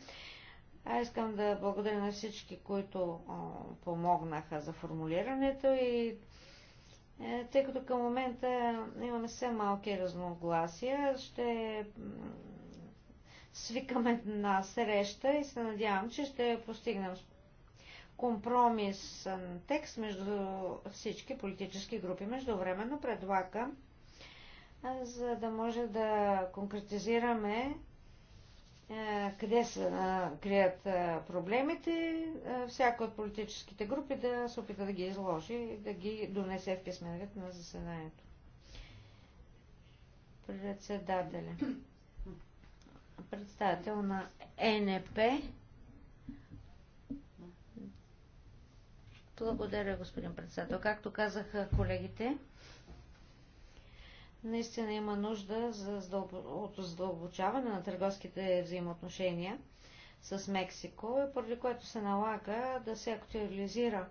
а искам да благодаря на всички, които помогнаха за формулирането и е, тъй като към момента имаме все малки разногласия, ще свикам една среща и се надявам, че ще постигнем компромисен текст между всички политически групи. Междувременно предлагам, за да може да конкретизираме къде се крият проблемите, всяка от политическите групи да се опита да ги изложи и да ги донесе в писмен вид на заседанието. Председателя представител на ЕНП. Благодаря, господин председател. Както казаха колегите, наистина има нужда за от задълбочаване на търговските взаимоотношения с Мексико, поради което се налага да се актуализира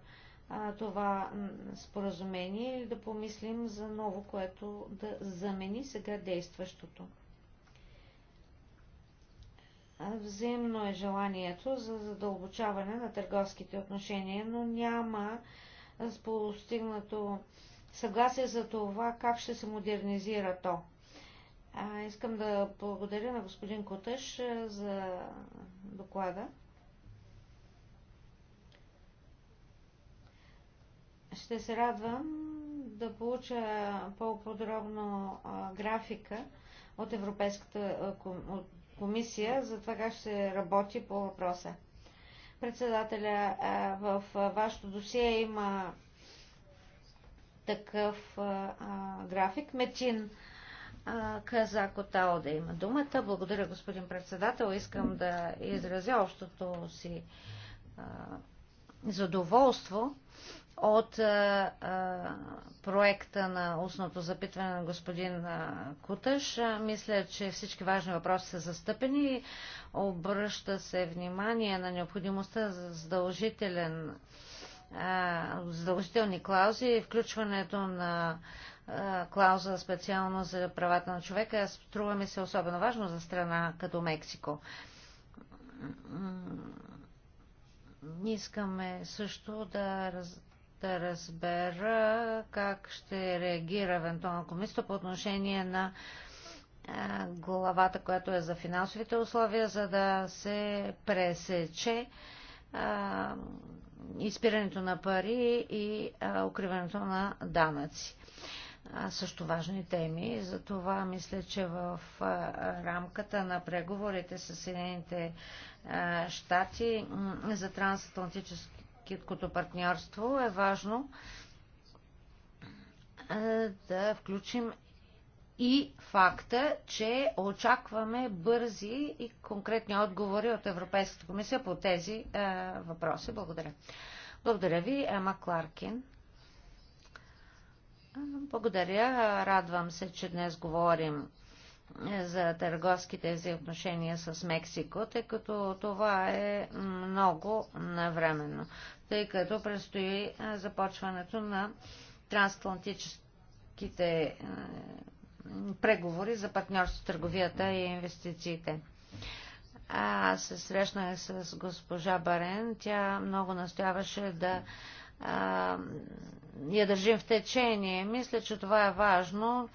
а, това споразумение или да помислим за ново, което да замени сега действащото. Взаимно е желанието за задълбочаване на търговските отношения, но няма постигнато съгласие за това как ще се модернизира то. А, искам да благодаря на господин Котъш за доклада. Ще се радвам да получа по-подробно графика от Европейската от комисия за това как ще работи по въпроса. Председателя, в вашето досие има такъв график. Метин Каза Котао да има думата. Благодаря, господин председател. Искам да изразя общото си задоволство от а, а, проекта на устното запитване на господин а, Куташ. А, мисля, че всички важни въпроси са застъпени. и Обръща се внимание на необходимостта за задължителен, а, задължителни клаузи и включването на а, клауза специално за правата на човека. Струва ми се особено важно за страна като Мексико Искаме също да, раз, да разбера как ще реагира евентуално комисията по отношение на а, главата, която е за финансовите условия, за да се пресече а, изпирането на пари и а, укриването на данъци. А, също важни теми. Затова мисля, че в а, рамката на преговорите с Съединените щати за трансатлантическото партньорство, е важно да включим и факта, че очакваме бързи и конкретни отговори от Европейската комисия по тези въпроси. Благодаря. Благодаря ви, Ема Кларкин. Благодаря. Радвам се, че днес говорим за търговските взаимоотношения с Мексико, тъй като това е много навременно, тъй като предстои е, започването на трансатлантическите е, преговори за партньорство, търговията и инвестициите. Аз се срещнах с госпожа Барен. Тя много настояваше да а, я държим в течение. Мисля, че това е важно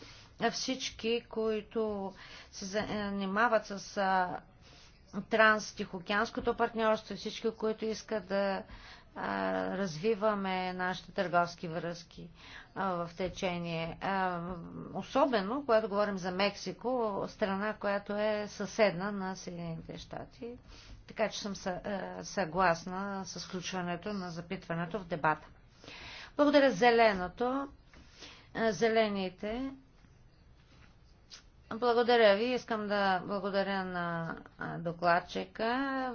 всички, които се занимават с транс-тихоокеанското партньорство и всички, които искат да развиваме нашите търговски връзки в течение. Особено, когато говорим за Мексико, страна, която е съседна на Съединените щати. Така че съм съгласна с включването на запитването в дебата. Благодаря зеленото. Зелените благодаря ви. Искам да благодаря на докладчика.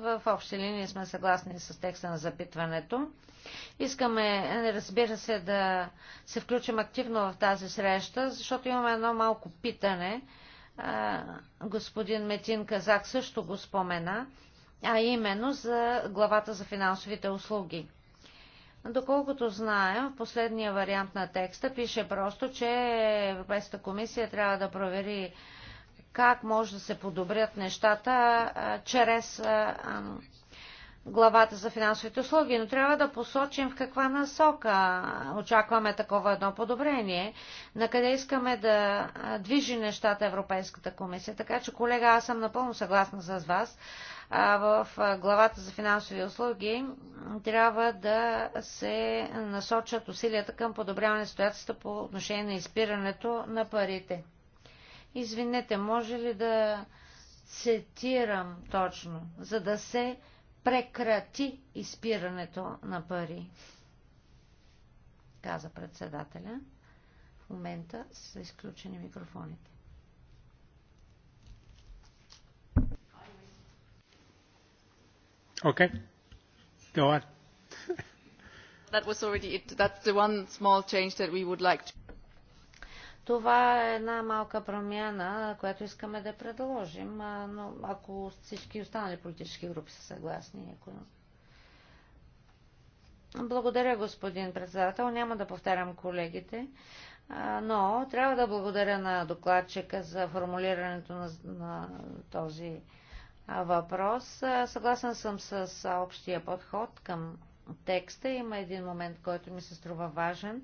В общи линии сме съгласни с текста на запитването. Искаме, разбира се, да се включим активно в тази среща, защото имаме едно малко питане. Господин Метин Казак също го спомена, а именно за главата за финансовите услуги. Доколкото знаем, в последния вариант на текста пише просто, че Европейската комисия трябва да провери как може да се подобрят нещата а, чрез а, а, главата за финансовите услуги, но трябва да посочим в каква насока очакваме такова едно подобрение, на къде искаме да движи нещата Европейската комисия. Така че, колега, аз съм напълно съгласна с вас в главата за финансови услуги трябва да се насочат усилията към подобряване ситуацията по отношение на изпирането на парите. Извинете, може ли да цитирам точно, за да се прекрати изпирането на пари? Каза председателя. В момента са изключени микрофоните. Okay. Go on. That was already it. That's the one small change that we would like to. Това е една малка промяна, която искаме да предложим, но ако всички останали политически групи са съгласни. Ако... Благодаря, господин председател. Няма да повтарям колегите, но трябва да благодаря на докладчика за формулирането на, на този въпрос. Съгласен съм с общия подход към текста. Има един момент, който ми се струва важен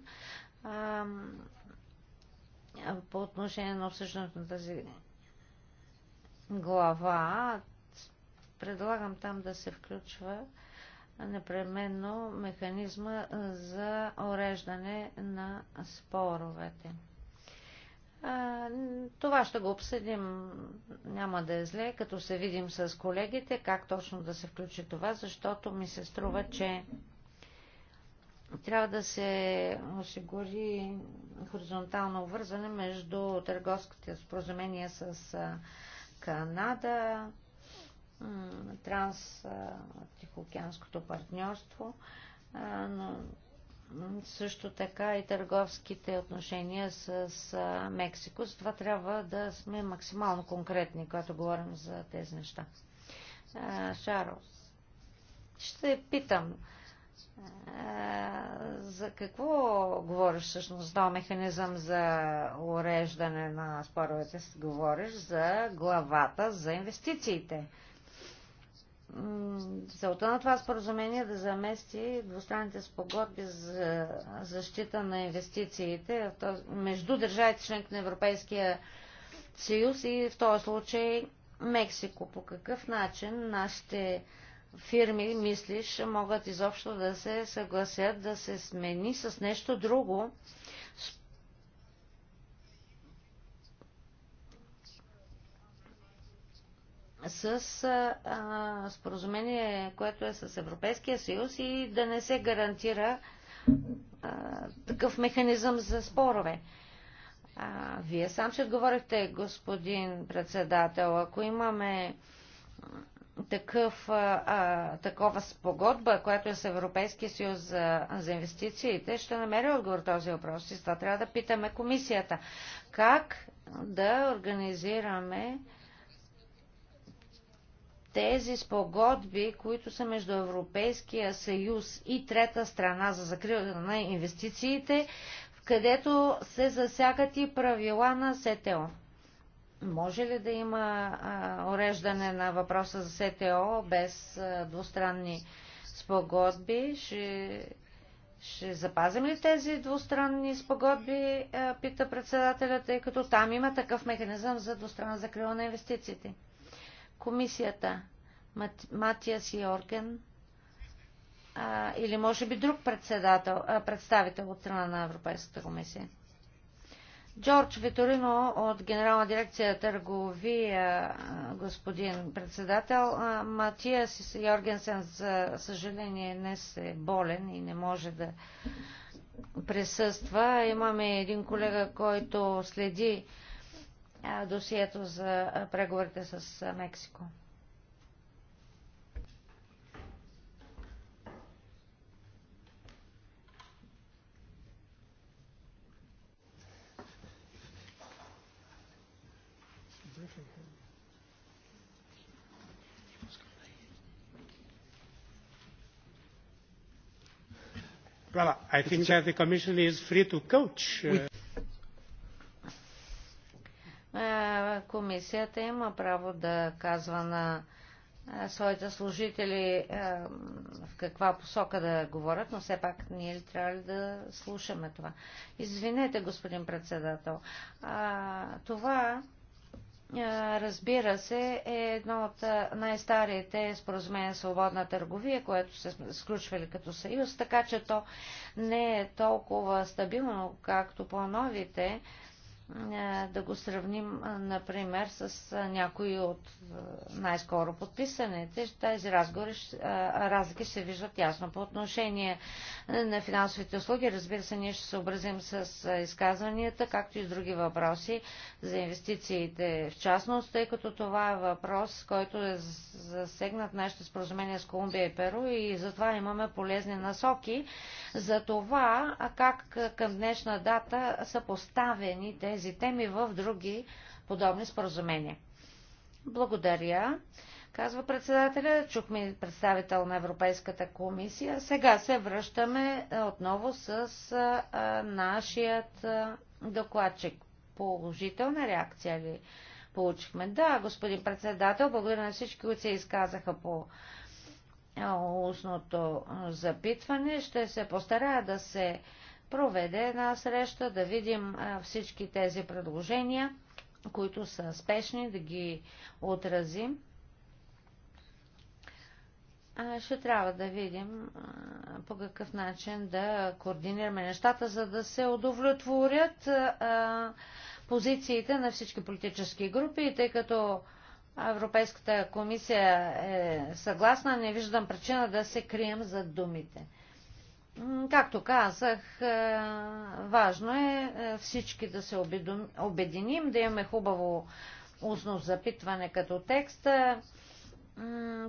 по отношение на обсъждането на тази глава. Предлагам там да се включва непременно механизма за уреждане на споровете това ще го обсъдим, няма да е зле, като се видим с колегите, как точно да се включи това, защото ми се струва, че трябва да се осигури хоризонтално вързане между търговските споразумения с Канада, транс-тихоокеанското партньорство, но също така и търговските отношения с Мексико. С това трябва да сме максимално конкретни, когато говорим за тези неща. Шаро, ще питам за какво говориш всъщност? Да, механизъм за уреждане на споровете говориш за главата за инвестициите. Целта на това споразумение е да замести двустранните спогодби за защита на инвестициите между държавите членки на Европейския съюз и в този случай Мексико. По какъв начин нашите фирми, мислиш, могат изобщо да се съгласят да се смени с нещо друго, с а, споразумение, което е с Европейския съюз и да не се гарантира а, такъв механизъм за спорове. А, вие сам ще отговорихте, господин председател. Ако имаме такъв, а, такова спогодба, която е с Европейския съюз за, за инвестициите, ще намери отговор този въпрос. И с това трябва да питаме комисията. Как да организираме а, тези спогодби, които са между Европейския съюз и трета страна за закриване на инвестициите, където се засягат и правила на СТО. Може ли да има уреждане на въпроса за СТО без а, двустранни спогодби? Ще, ще запазим ли тези двустранни спогодби, а, пита председателя, тъй като там има такъв механизъм за двустранна закрила на инвестициите комисията Мат, Матиас Йорген а, или може би друг председател, а, представител от страна на Европейската комисия. Джордж Виторино от Генерална дирекция търговия, господин председател. Матиас Йоргенсен, за съжаление, днес е болен и не може да присъства. Имаме един колега, който следи досието за преговорите с Мексико. Well, I think that the Commission is free to coach. Uh... Е, комисията има право да казва на е, своите служители е, в каква посока да говорят, но все пак ние ли трябва ли да слушаме това? Извинете, господин председател. Това разбира се, е едно от най-старите споразумения свободна търговия, което се сключвали като съюз, така че то не е толкова стабилно, както по-новите е, да го сравним, е, например, с е, някои от най-скоро подписаните, тези разговори, разлики се виждат ясно. По отношение на финансовите услуги, разбира се, ние ще се образим с изказванията, както и с други въпроси за инвестициите в частност, тъй като това е въпрос, който е засегнат нашите споразумения с Колумбия и Перу и затова имаме полезни насоки за това как към днешна дата са поставени тези тези теми в други подобни споразумения. Благодаря, казва председателя. Чухме представител на Европейската комисия. Сега се връщаме е, отново с нашият докладчик. Положителна реакция ли получихме? Да, господин председател, благодаря на всички, които се изказаха по устното запитване. Ще се постарая да се проведе една среща, да видим всички тези предложения, които са спешни, да ги отразим. Ще трябва да видим по какъв начин да координираме нещата, за да се удовлетворят позициите на всички политически групи, тъй като Европейската комисия е съгласна, не виждам причина да се крием за думите. Както казах, е, важно е, е всички да се обединим, да имаме хубаво устно запитване като текста. Е,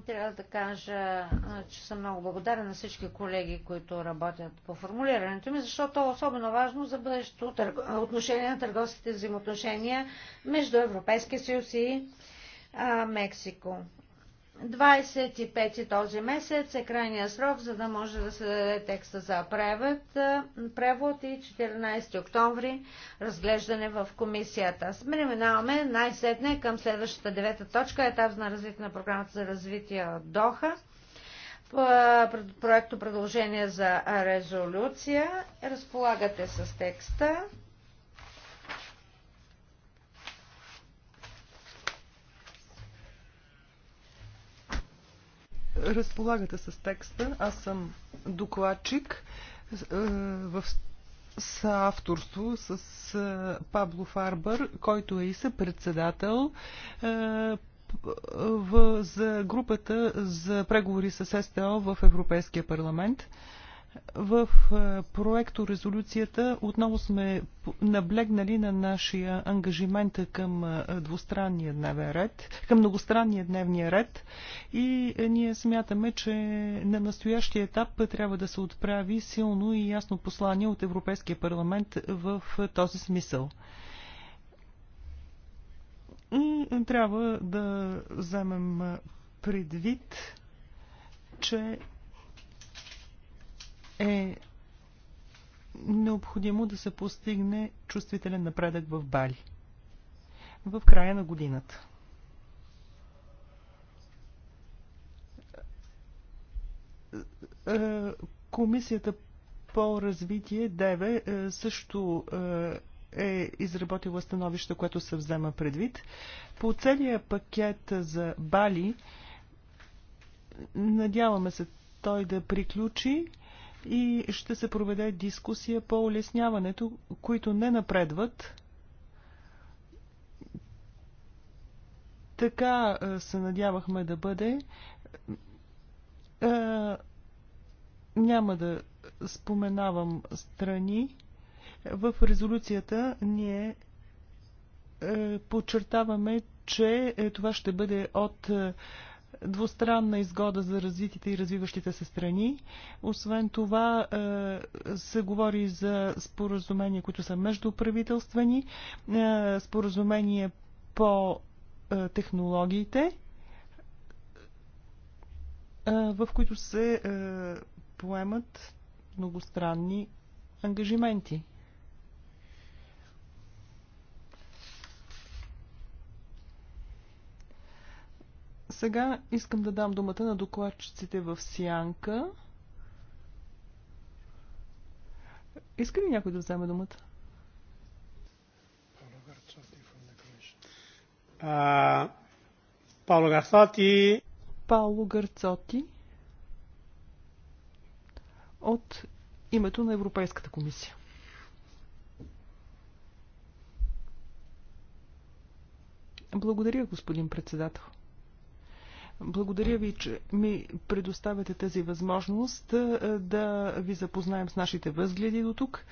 трябва да кажа, че съм много благодарен на всички колеги, които работят по формулирането ми, защото е особено важно за бъдещето отношение на търговските взаимоотношения между Европейския съюз и Мексико. 25 този месец е крайния срок, за да може да се даде текста за превод, превод и 14 октомври разглеждане в комисията. Преминаваме най-сетне към следващата девета точка, етап на развитие на програмата за развитие от Доха. Проекто предложение за резолюция. Разполагате с текста. Разполагате с текста. Аз съм докладчик е, в съавторство с е, Пабло Фарбър, който е и съпредседател е, за групата за преговори с СТО в Европейския парламент. В е, проекто резолюцията отново сме наблегнали на нашия ангажимент към е, двустранния дневен ред, към многостранния дневния ред и е, ние смятаме, че на настоящия етап трябва да се отправи силно и ясно послание от Европейския парламент в този смисъл. И трябва да вземем предвид, че е необходимо да се постигне чувствителен напредък в Бали в края на годината. Е, Комисията по развитие ДЕВЕ също е, е изработила становище, което се взема предвид. По целия пакет за Бали, надяваме се той да приключи и ще се проведе дискусия по улесняването, които не напредват. Така се надявахме да бъде. Няма да споменавам страни. В резолюцията ние е, подчертаваме, че е, това ще бъде от е, двустранна изгода за развитите и развиващите се страни. Освен това е, се говори за споразумения, които са междуправителствени, е, споразумения по е, технологиите, в които се поемат многостранни ангажименти. Сега искам да дам думата на докладчиците в Сянка. Иска ли някой да вземе думата? Пауло Гарцоти. Пауло Гарцоти. От името на Европейската комисия. Благодаря, господин председател. Благодаря ви, че ми предоставяте тази възможност да ви запознаем с нашите възгледи до тук.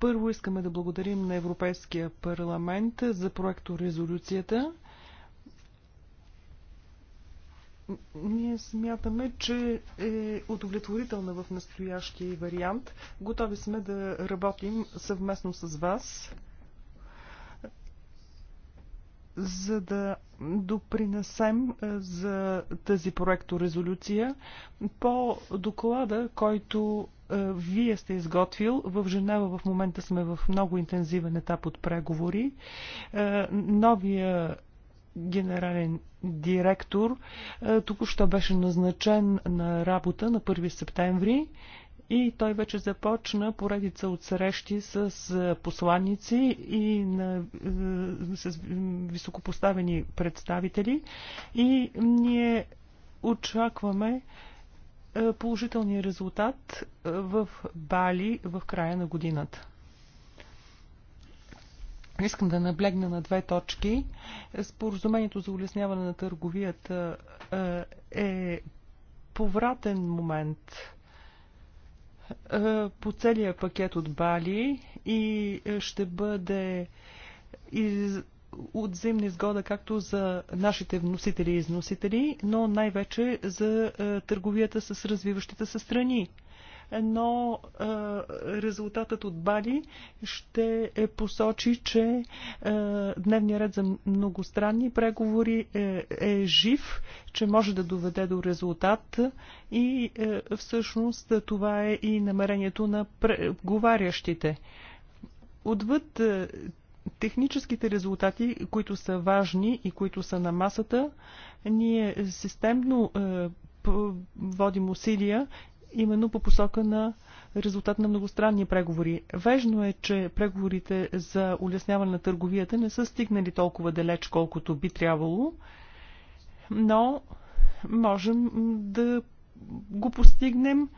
Първо искаме да благодарим на Европейския парламент за проекто резолюцията. Ние смятаме, че е удовлетворителна в настоящия вариант. Готови сме да работим съвместно с вас за да допринесем е, за тази проекторезолюция по доклада, който е, вие сте изготвил. В Женева в момента сме в много интензивен етап от преговори. Е, новия генерален директор току-що беше назначен на работа на 1 септември и той вече започна поредица от срещи с посланници и на, с високопоставени представители и ние очакваме положителния резултат в Бали в края на годината. Искам да наблегна на две точки. Споразумението за улесняване на търговията е повратен момент – е, по целия пакет от Бали и е, ще бъде из... от взаимна изгода както за нашите вносители и износители, но най-вече за е, търговията с развиващите се страни но е, резултатът от Бали ще е посочи, че е, дневният ред за многостранни преговори е жив, че може да доведе до резултат и всъщност това е и намерението на преговарящите. Отвъд техническите резултати, които са важни и които са на масата, ние системно водим усилия именно по посока на резултат на многостранни преговори. Важно е, че преговорите за улесняване на търговията не са стигнали толкова далеч, колкото би трябвало, но можем да го постигнем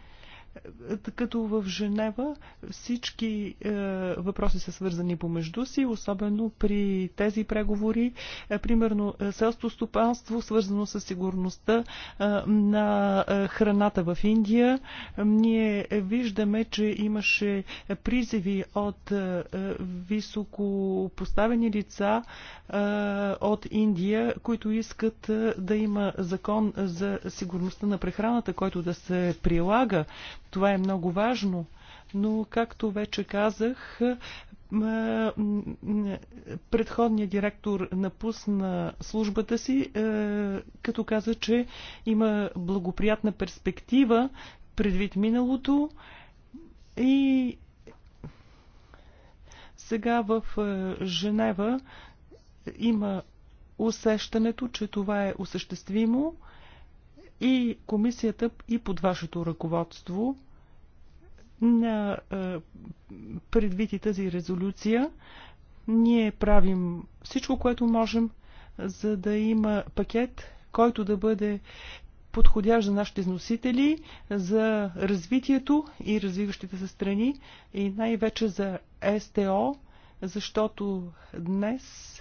като в Женева всички е, въпроси са свързани помежду си, особено при тези преговори, е, примерно е, селско стопанство, свързано с сигурността е, на е, храната в Индия. Ние виждаме, че имаше призиви от е, е високо поставени лица е, от Индия, които искат е, да има закон за сигурността на прехраната, който да се прилага това е много важно. Но, както вече казах, предходният директор напусна службата си, е, като каза, че има благоприятна перспектива предвид миналото и сега в е, Женева има усещането, че това е осъществимо и комисията и под вашето ръководство на предвид и тази резолюция, ние правим всичко, което можем, за да има пакет, който да бъде подходящ за нашите износители, за развитието и развиващите се страни и най-вече за СТО, защото днес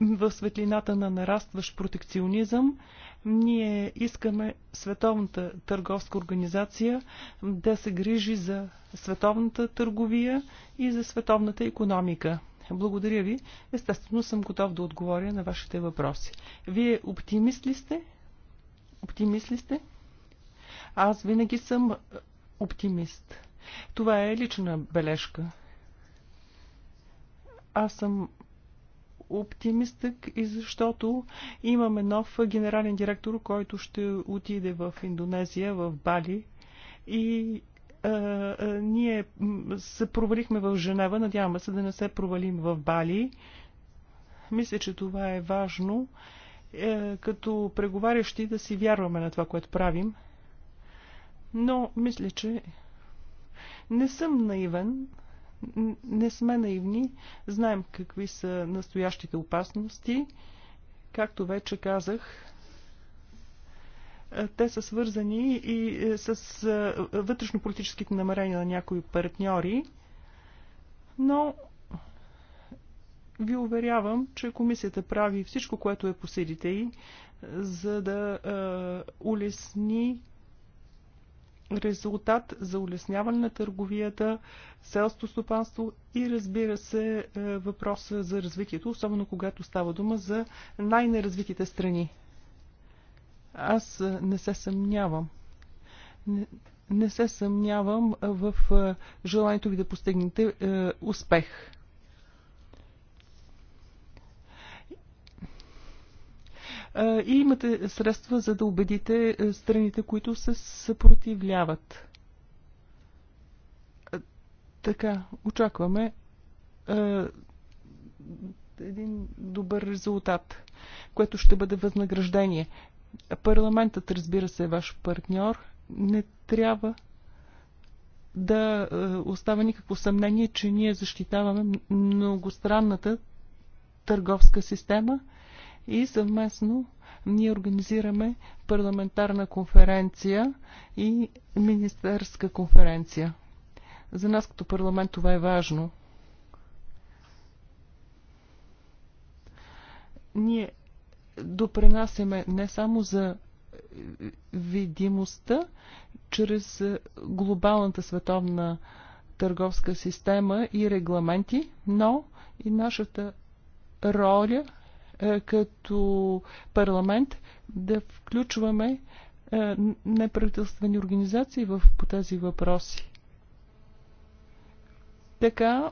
в светлината на нарастващ протекционизъм ние искаме Световната търговска организация да се грижи за световната търговия и за световната економика. Благодаря ви. Естествено съм готов да отговоря на вашите въпроси. Вие оптимист ли сте? Оптимист ли сте? Аз винаги съм оптимист. Това е лична бележка. Аз съм оптимистък и защото имаме нов генерален директор, който ще отиде в Индонезия, в Бали и а, а, ние се провалихме в Женева, надяваме се да не се провалим в Бали. Мисля, че това е важно е, като преговарящи да си вярваме на това, което правим. Но мисля, че не съм наивен, не сме наивни, знаем какви са настоящите опасности. Както вече казах, те са свързани и е, с вътрешно-политическите намерения на някои партньори, но ви уверявам, че комисията прави всичко, което е по силите й, за да улесни резултат за улесняване на търговията, селско стопанство и разбира се е, въпроса за развитието, особено когато става дума за най-неразвитите страни. Аз е, не се съмнявам. Не, не се съмнявам в е, желанието ви да постигнете успех. и имате средства за да убедите е, страните, които се съпротивляват. Така, очакваме е, един добър резултат, което ще бъде възнаграждение. Парламентът, разбира се, е ваш партньор. Не трябва да е, остава никакво съмнение, че ние защитаваме многостранната търговска система – и съвместно ние организираме парламентарна конференция и министерска конференция. За нас като парламент това е важно. Ние допренасяме не само за видимостта чрез глобалната световна търговска система и регламенти, но и нашата роля е, като парламент да включваме е, неправителствени организации в, по тези въпроси. Така,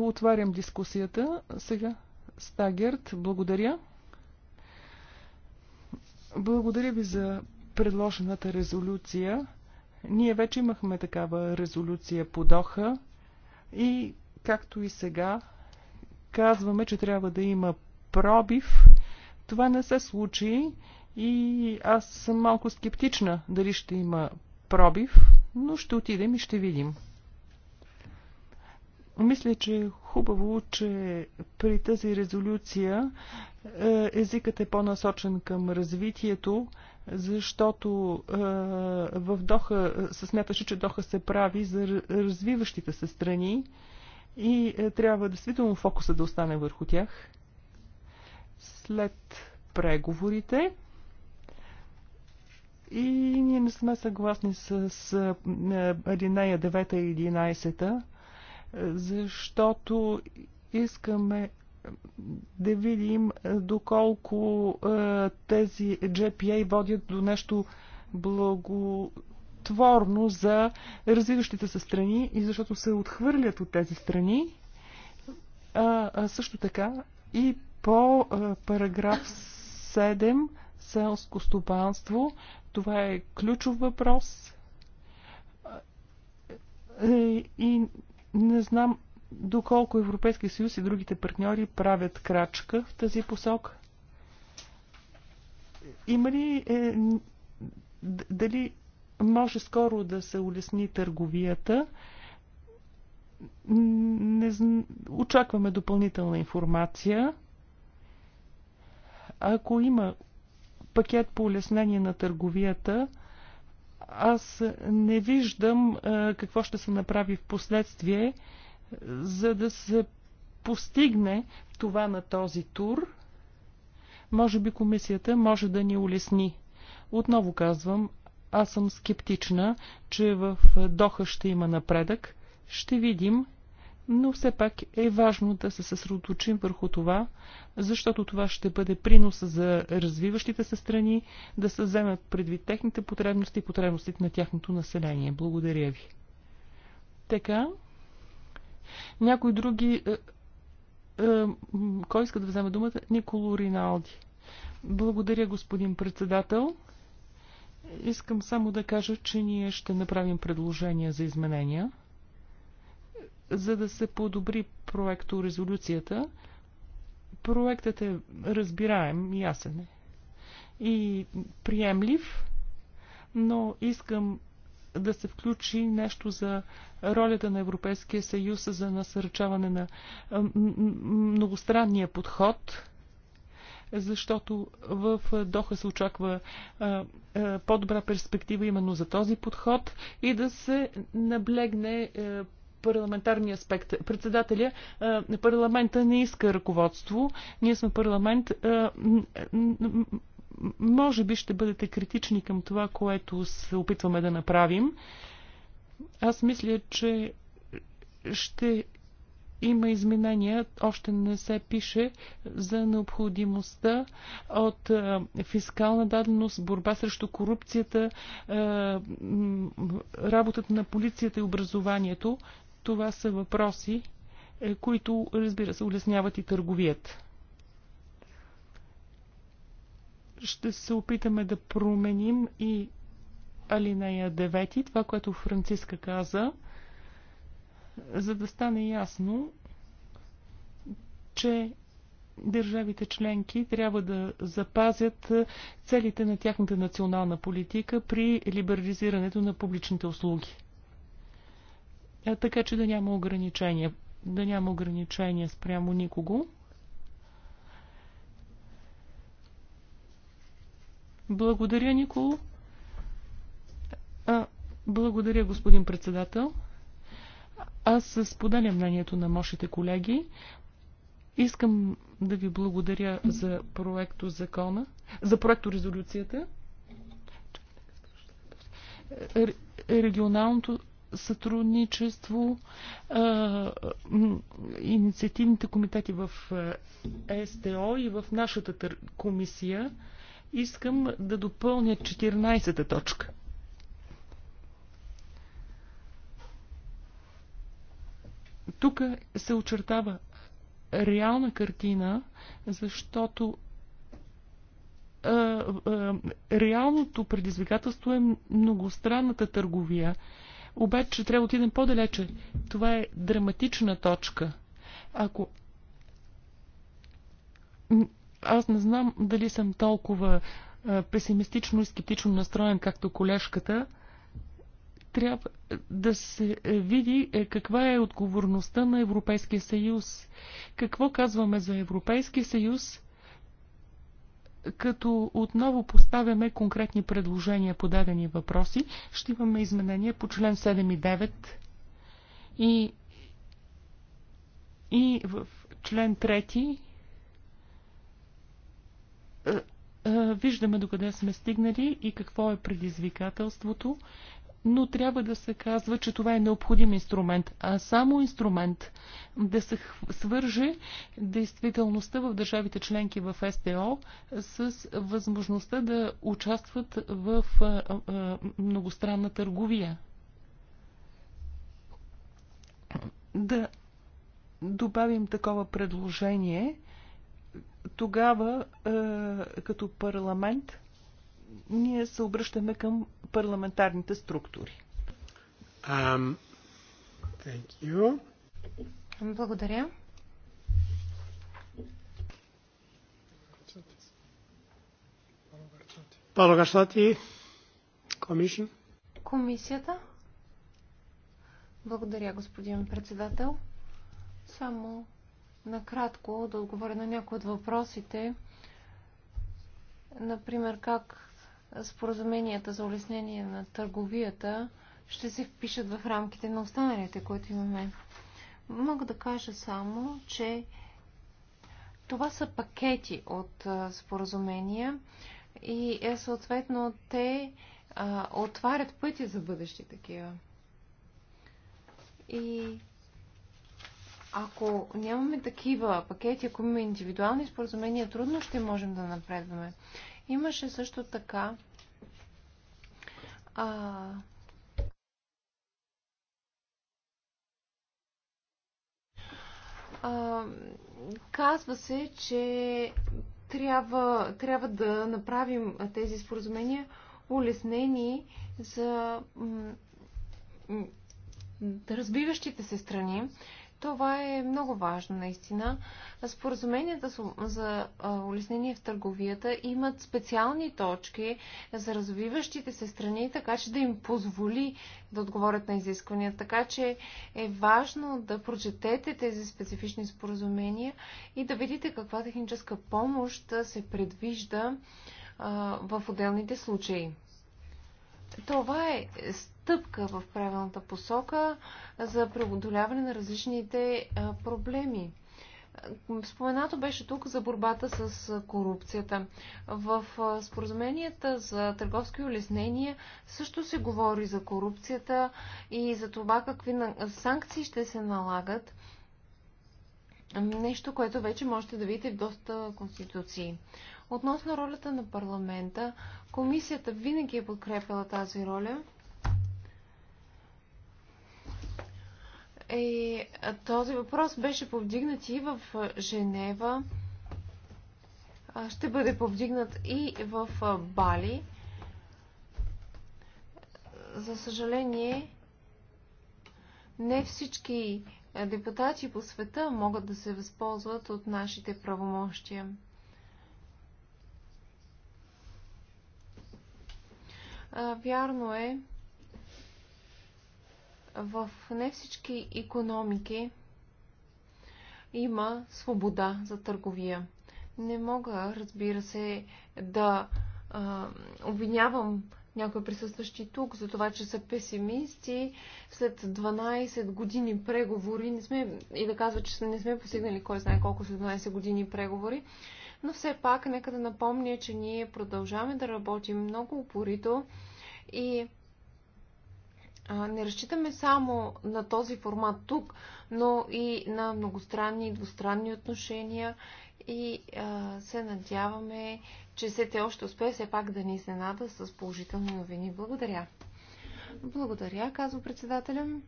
отварям дискусията. Сега, Стагерт, благодаря. Благодаря ви за предложената резолюция. Ние вече имахме такава резолюция по Доха и, както и сега, казваме, че трябва да има пробив. Това не се случи и аз съм малко скептична дали ще има пробив, но ще отидем и ще видим. Мисля, че е хубаво, че при тази резолюция е, езикът е по-насочен към развитието, защото е, в Доха се смяташе, че Доха се прави за развиващите се страни и е, трябва действително фокуса да остане върху тях след преговорите и ние не сме съгласни с, е, алинея 9 и 11, е, защото искаме да видим е, доколко тези GPA водят до нещо благотворно за развиващите се страни и защото се отхвърлят от тези страни. А, а също така и по е, параграф 7 селско стопанство, това е ключов въпрос. Е, е, и не знам доколко Европейския съюз и другите партньори правят крачка в тази посок. Има ли е, дали може скоро да се улесни търговията? Не, очакваме допълнителна информация. Ако има пакет по улеснение на търговията, аз не виждам какво ще се направи в последствие, за да се постигне това на този тур. Може би комисията може да ни улесни. Отново казвам, аз съм скептична, че в Доха ще има напредък. Ще видим но все пак е важно да се съсредоточим върху това, защото това ще бъде принос за развиващите се страни да се вземат предвид техните потребности и потребностите на тяхното население. Благодаря ви. Така, някои други... Е, е, кой иска да вземе думата? Николо Риналди. Благодаря, господин председател. Искам само да кажа, че ние ще направим предложения за изменения за да се подобри проекто резолюцията. Проектът е разбираем, ясен е и приемлив, но искам да се включи нещо за ролята на Европейския съюз за насърчаване на многостранния подход, защото в Доха се очаква по-добра перспектива именно за този подход и да се наблегне парламентарния аспект. Председателя, парламента не иска ръководство. Ние сме парламент. Може би ще бъдете критични към това, което се опитваме да направим. Аз мисля, че ще има изменения, още не се пише за необходимостта от фискална даденост, борба срещу корупцията, работата на полицията и образованието. Това са въпроси, е, които, разбира се, улесняват и търговият. Ще се опитаме да променим и алинея 9, това, което Франциска каза, за да стане ясно, че държавите членки трябва да запазят целите на тяхната национална политика при либерализирането на публичните услуги. Е, така че да няма ограничения. Да няма ограничения спрямо никого. Благодаря, Никол. А, благодаря, господин председател. Аз споделям мнението на мошите колеги. Искам да ви благодаря за проекто закона, за проекто резолюцията. Регионалното сътрудничество. Инициативните комитети в СТО и в нашата комисия искам да допълня 14-та точка. Тук се очертава реална картина, защото реалното предизвикателство е многостранната търговия. Обаче трябва да отидем по-далече. Това е драматична точка. Ако аз не знам дали съм толкова песимистично и скептично настроен, както колежката, трябва да се види каква е отговорността на Европейския съюз. Какво казваме за Европейския съюз като отново поставяме конкретни предложения по дадени въпроси, ще имаме изменения по член 7 и 9 и, и в член 3 е, е, виждаме докъде сме стигнали и какво е предизвикателството но трябва да се казва, че това е необходим инструмент, а само инструмент да се свърже действителността в държавите членки в СТО с възможността да участват в многостранна търговия. Да добавим такова предложение, тогава като парламент ние се обръщаме към парламентарните структури. Um, thank you. Благодаря. Павло Гашлати, Комисията. Благодаря, господин председател. Само накратко да отговоря на някои от въпросите. Например, как споразуменията за улеснение на търговията ще се впишат в рамките на останалите, които имаме. Мога да кажа само, че това са пакети от споразумения и е, съответно те а, отварят пъти за бъдещи такива. И ако нямаме такива пакети, ако имаме индивидуални споразумения, трудно ще можем да напредваме. Имаше също така а, а, казва се, че трябва, трябва да направим тези споразумения улеснени за разбиващите се страни, това е много важно, наистина. Споразуменията за улеснение в търговията имат специални точки за развиващите се страни, така че да им позволи да отговорят на изисквания. Така че е важно да прочетете тези специфични споразумения и да видите каква техническа помощ се предвижда в отделните случаи. Това е стъпка в правилната посока за преодоляване на различните проблеми. Споменато беше тук за борбата с корупцията. В споразуменията за търговски улеснения също се говори за корупцията и за това какви санкции ще се налагат. Нещо, което вече можете да видите в доста конституции. Относно ролята на парламента, комисията винаги е подкрепила тази роля. И този въпрос беше повдигнат и в Женева, ще бъде повдигнат и в Бали. За съжаление, не всички депутати по света могат да се възползват от нашите правомощия. вярно е, в не всички економики има свобода за търговия. Не мога, разбира се, да а, обвинявам някои присъстващи тук за това, че са песимисти. След 12 години преговори не сме, и да казва, че не сме постигнали кой знае колко след 12 години преговори но все пак нека да напомня, че ние продължаваме да работим много упорито и не разчитаме само на този формат тук, но и на многостранни и двустранни отношения и а, се надяваме, че се те още успее все пак да ни изненада с положителни новини. Благодаря. Благодаря, казва председателем.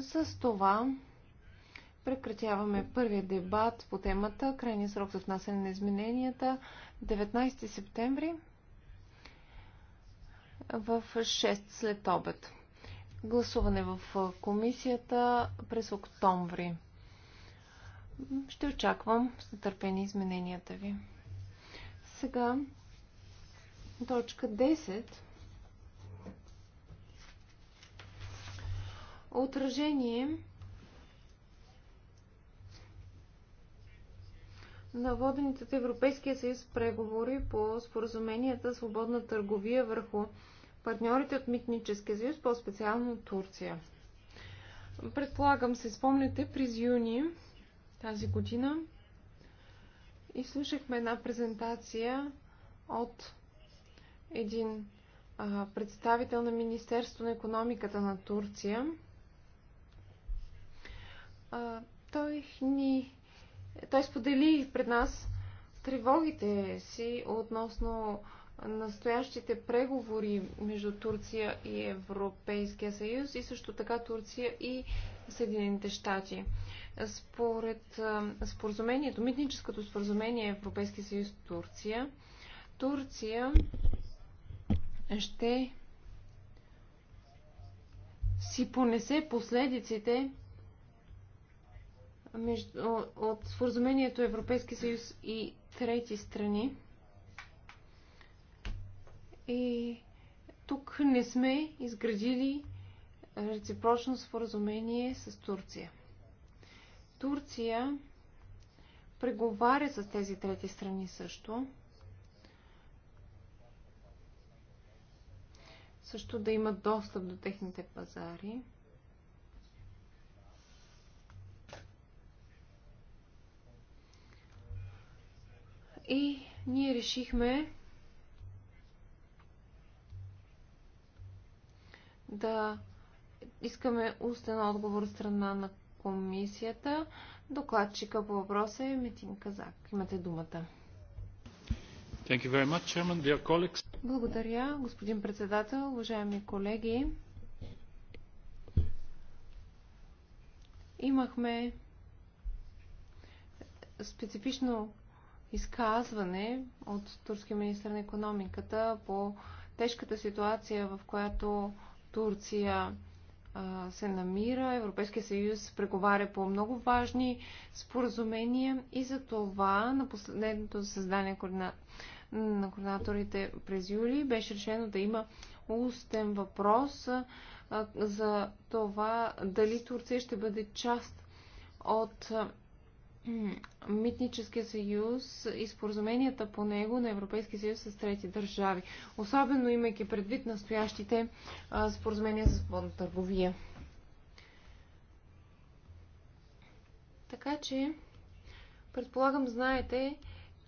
С това Прекратяваме първия дебат по темата. Крайния срок за внасяне на измененията 19 септември в 6 след обед. Гласуване в комисията през октомври. Ще очаквам с нетърпение измененията ви. Сега точка 10. Отражение на водените от Европейския съюз преговори по споразуменията свободна търговия върху партньорите от Митническия съюз, по-специално Турция. Предполагам се, спомняте, през юни тази година слушахме една презентация от един а, представител на Министерство на економиката на Турция. А, той ни той сподели пред нас тревогите си относно настоящите преговори между Турция и Европейския съюз и също така Турция и Съединените щати. Според споразумението, митническото споразумение Европейския съюз Турция, Турция ще си понесе последиците между, от споразумението Европейски съюз и трети страни. И тук не сме изградили реципрочно споразумение с Турция. Турция преговаря с тези трети страни също. Също да имат достъп до техните пазари. И ние решихме да искаме устен отговор от страна на комисията. Докладчика по въпроса е Метин Казак. Имате думата. Thank you very much, Chairman, dear colleagues. Благодаря, господин председател, уважаеми колеги. Имахме специфично изказване от турския министр на економиката по тежката ситуация, в която Турция се намира. Европейския съюз преговаря по много важни споразумения и за това на последното създание на координаторите през юли беше решено да има устен въпрос за това дали Турция ще бъде част от Митническия съюз и споразуменията по него на Европейския съюз с трети държави, особено имайки предвид настоящите споразумения за свободна търговия. Така че, предполагам, знаете,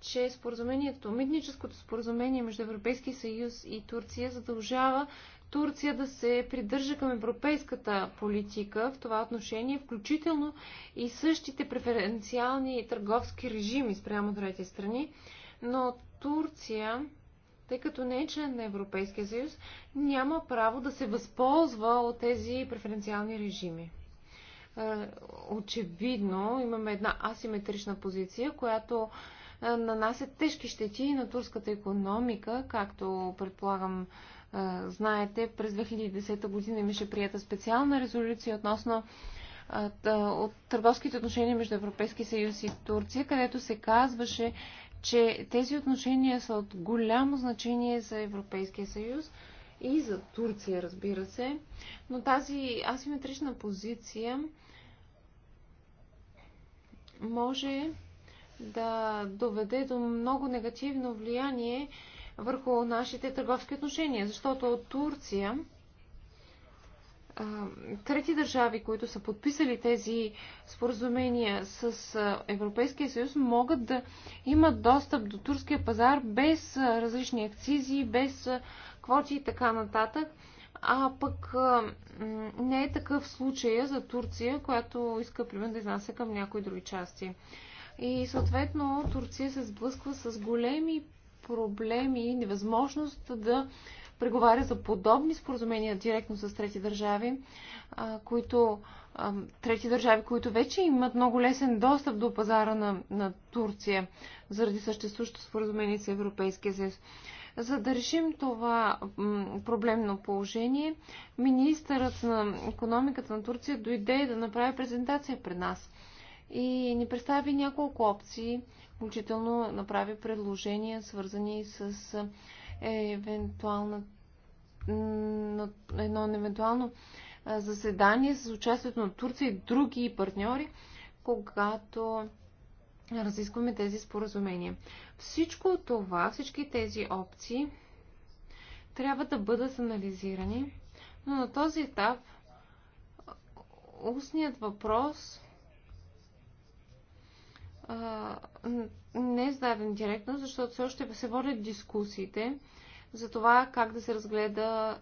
че споразумението, митническото споразумение между Европейския съюз и Турция задължава Турция да се придържа към европейската политика в това отношение, включително и същите преференциални търговски режими спрямо трети страни, но Турция, тъй като не е член на Европейския съюз, няма право да се възползва от тези преференциални режими. Е, очевидно имаме една асиметрична позиция, която е, нанася тежки щети на турската економика, както предполагам знаете, през 2010 година имаше прията специална резолюция относно от търговските отношения между Европейския съюз и Турция, където се казваше, че тези отношения са от голямо значение за Европейския съюз и за Турция, разбира се. Но тази асиметрична позиция може да доведе до много негативно влияние върху нашите търговски отношения, защото от Турция трети държави, които са подписали тези споразумения с Европейския съюз, могат да имат достъп до турския пазар без различни акцизи, без квоти и така нататък. А пък не е такъв случай за Турция, която иска примерно да изнася към някои други части. И съответно Турция се сблъсква с големи проблеми и невъзможност да преговаря за подобни споразумения директно с трети държави, които, трети държави, които вече имат много лесен достъп до пазара на, на Турция заради съществуващото споразумение с Европейския съюз. За да решим това проблемно положение, министърът на економиката на Турция дойде да направи презентация пред нас и ни представи няколко опции включително направи предложения, свързани с евентуално едно евентуално заседание с участието на Турция и други партньори, когато разискваме тези споразумения. Всичко това, всички тези опции трябва да бъдат анализирани, но на този етап устният въпрос не е зададен директно, защото все още се водят дискусиите за това как да се разгледа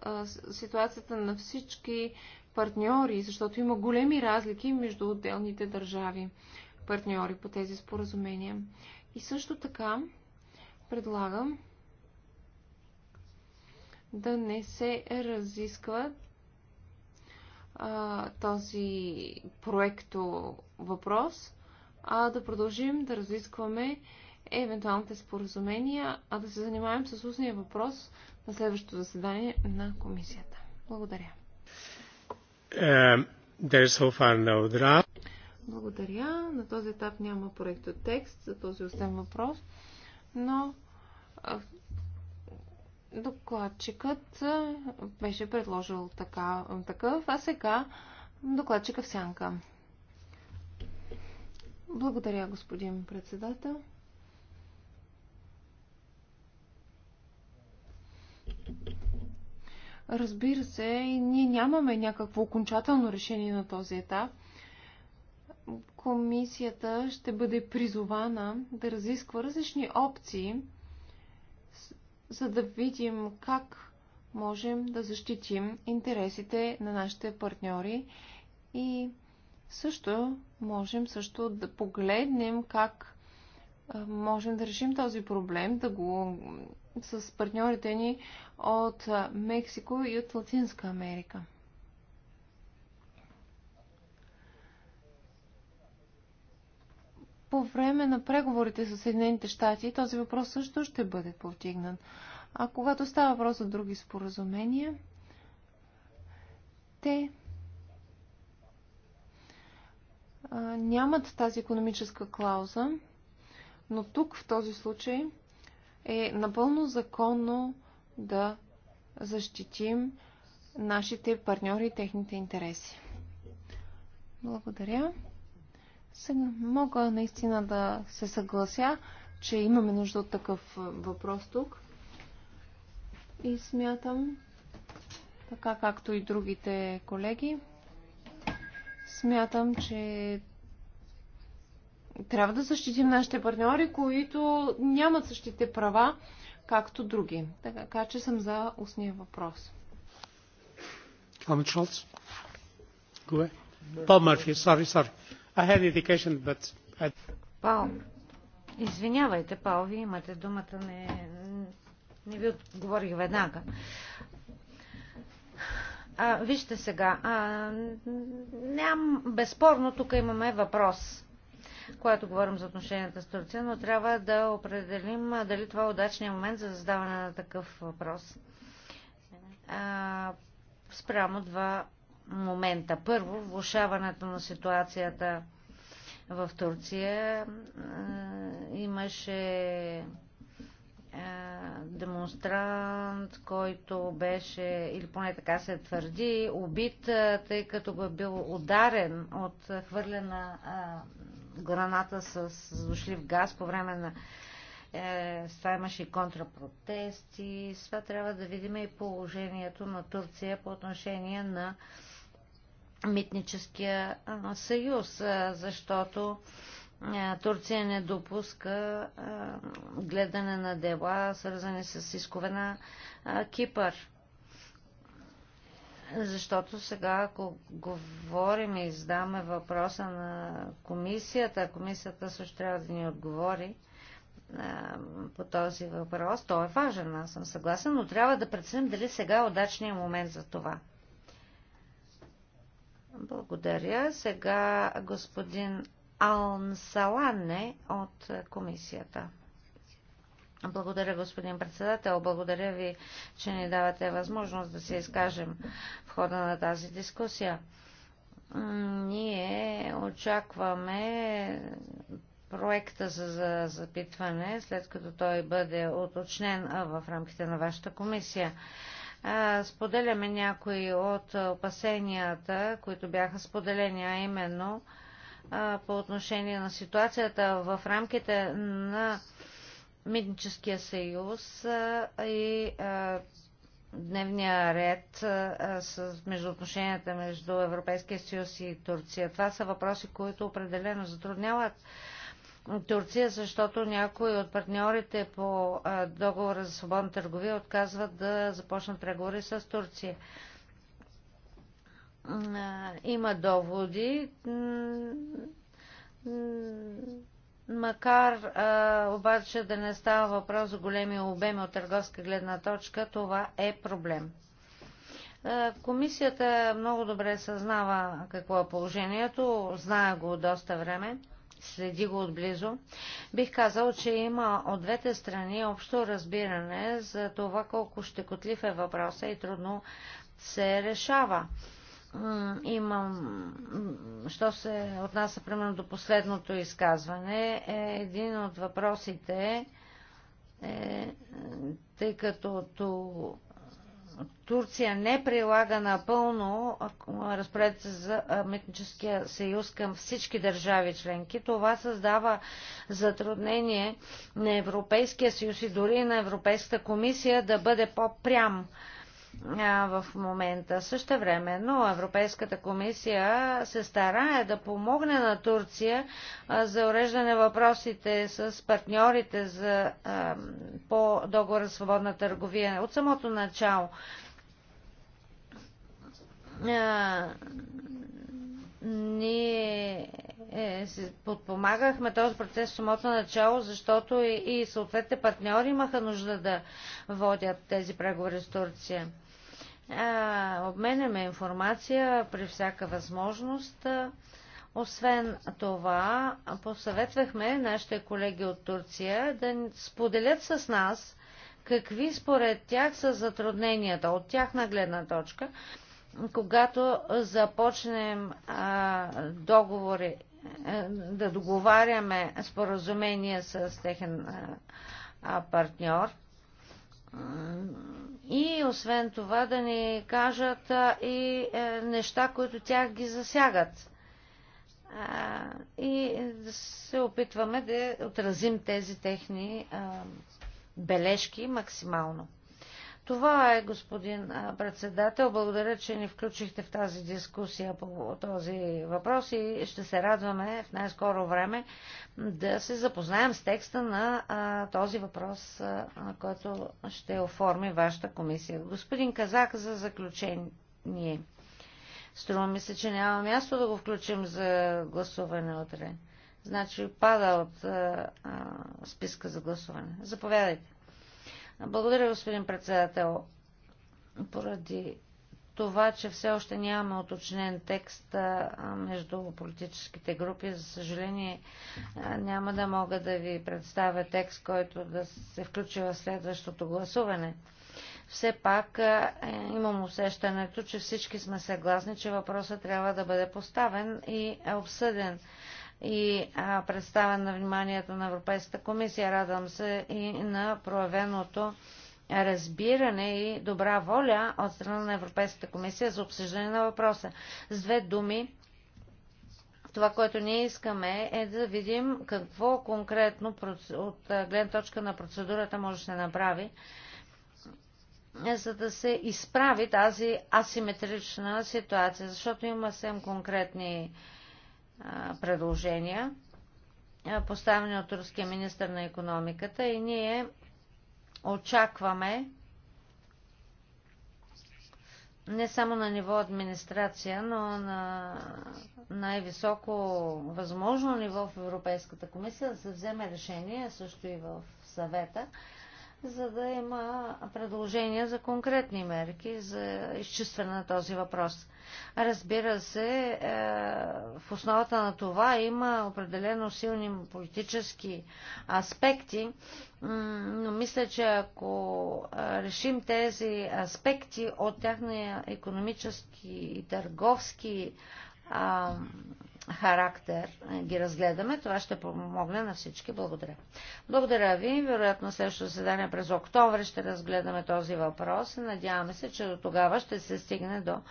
ситуацията на всички партньори, защото има големи разлики между отделните държави партньори по тези споразумения. И също така предлагам да не се разисква а, този проекто въпрос, а да продължим да разискваме евентуалните споразумения, а да се занимаем с устния въпрос на следващото заседание на комисията. Благодаря. Um, so no Благодаря. На този етап няма проект от текст за този устен въпрос, но докладчикът беше предложил така, такъв, а сега докладчика в сянка. Благодаря, господин председател. Разбира се, ние нямаме някакво окончателно решение на този етап. Комисията ще бъде призована да разисква различни опции, за да видим как можем да защитим интересите на нашите партньори и също можем също да погледнем как можем да решим този проблем, да го с партньорите ни от Мексико и от Латинска Америка. По време на преговорите с Съединените щати този въпрос също ще бъде повдигнат. А когато става въпрос за други споразумения, те нямат тази економическа клауза, но тук в този случай е напълно законно да защитим нашите партньори и техните интереси. Благодаря. Сега мога наистина да се съглася, че имаме нужда от такъв въпрос тук. И смятам, така както и другите колеги, Смятам, че трябва да защитим нашите партньори, които нямат същите права, както други. Така че съм за устния въпрос. Пао, I had but... Пал, извинявайте, Пал, вие имате думата, не, не ви отговорих веднага. А, вижте сега, а, ням, безспорно тук имаме въпрос, когато говорим за отношенията с Турция, но трябва да определим дали това е удачният момент за задаване на такъв въпрос. А, спрямо два момента. Първо, влушаването на ситуацията в Турция. А, имаше е, демонстрант, който беше, или поне така се твърди, убит, е, тъй като го е бил ударен от хвърлена е, граната с дошлив газ по време на с това имаше и контрапротести. С това трябва да видим и положението на Турция по отношение на митническия съюз, защото Турция не допуска гледане на дела, свързани с искове на Кипър. Защото сега, ако говорим и издаме въпроса на комисията, комисията също трябва да ни отговори по този въпрос. Той е важен, аз съм съгласен, но трябва да преценим дали сега е удачният момент за това. Благодаря. Сега господин Алнсалане от комисията. Благодаря, господин председател. Благодаря ви, че ни давате възможност да се изкажем в хода на тази дискусия. Ние очакваме проекта за запитване, след като той бъде уточнен в рамките на вашата комисия. Споделяме някои от опасенията, които бяха споделени, а именно – по отношение на ситуацията в рамките на Митническия съюз и дневния ред с междуотношенията между Европейския съюз и Турция. Това са въпроси, които определено затрудняват Турция, защото някои от партньорите по договора за свободна търговия отказват да започнат преговори с Турция има доводи, макар обаче да не става въпрос за големи обеми от търговска гледна точка, това е проблем. Комисията много добре съзнава какво е положението, знае го доста време, следи го отблизо. Бих казал, че има от двете страни общо разбиране за това колко щекотлив е въпроса и трудно се решава имам, що се отнася примерно до последното изказване, е един от въпросите е, тъй като ту, Турция не прилага напълно разпоредите за митническия съюз към всички държави членки. Това създава затруднение на Европейския съюз и дори на Европейската комисия да бъде по-прям в момента. Също време, но Европейската комисия се старае да помогне на Турция за уреждане въпросите с партньорите за, по договора за свободна търговия от самото начало ние е, подпомагахме този процес в самото начало, защото и, и съответните партньори имаха нужда да водят тези преговори с Турция. А, обменяме информация при всяка възможност. Освен това, посъветвахме нашите колеги от Турция да споделят с нас какви според тях са затрудненията от тяхна гледна точка, когато започнем а, договори е, да договаряме споразумение с техен е, партньор. И освен това да ни кажат и е, неща, които тях ги засягат. И да се опитваме да отразим тези техни бележки максимално. Това е, господин председател. Благодаря, че ни включихте в тази дискусия по този въпрос и ще се радваме в най-скоро време да се запознаем с текста на а, този въпрос, а, който ще оформи вашата комисия. Господин Казак, за заключение. Струва ми се, че няма място да го включим за гласуване утре. Значи пада от а, списка за гласуване. Заповядайте. Благодаря, господин председател. Поради това, че все още нямаме уточнен текст между политическите групи, за съжаление няма да мога да ви представя текст, който да се включи в следващото гласуване. Все пак е, имам усещането, че всички сме съгласни, че въпросът трябва да бъде поставен и е обсъден и а, представен на вниманието на Европейската комисия. Радвам се и на проявеното разбиране и добра воля от страна на Европейската комисия за обсъждане на въпроса. С две думи, това, което ние искаме е да видим какво конкретно от гледна точка на процедурата може да се направи, за да се изправи тази асиметрична ситуация, защото има съвсем конкретни предложения, поставени от руския министр на економиката и ние очакваме не само на ниво администрация, но на най-високо възможно ниво в Европейската комисия да се вземе решение, също и в съвета, за да има предложения за конкретни мерки за изчистване на този въпрос. Разбира се, е, в основата на това има определено силни политически аспекти, но мисля, че ако е, решим тези аспекти от тяхния економически и търговски характер е, ги разгледаме. Това ще помогне на всички. Благодаря. Благодаря ви. Вероятно следващото заседание през октомври ще разгледаме този въпрос. Надяваме се, че до тогава ще се стигне до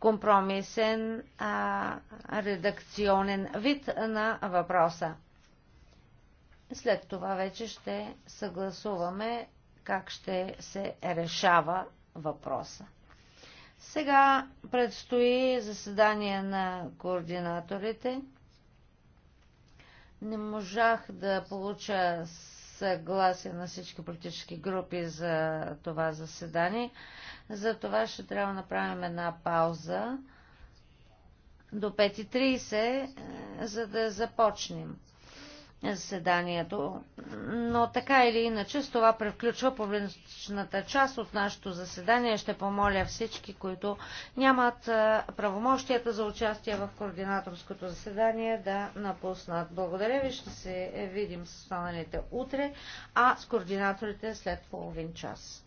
компромисен а, редакционен вид на въпроса. След това вече ще съгласуваме как ще се решава въпроса. Сега предстои заседание на координаторите. Не можах да получа съгласие на всички политически групи за това заседание. За това ще трябва да направим една пауза до 5.30, е, за да започнем заседанието. Но така или иначе, с това превключва публичната част от нашето заседание. Ще помоля всички, които нямат правомощията за участие в координаторското заседание, да напуснат. Благодаря ви, ще се видим с останалите утре, а с координаторите след половин час.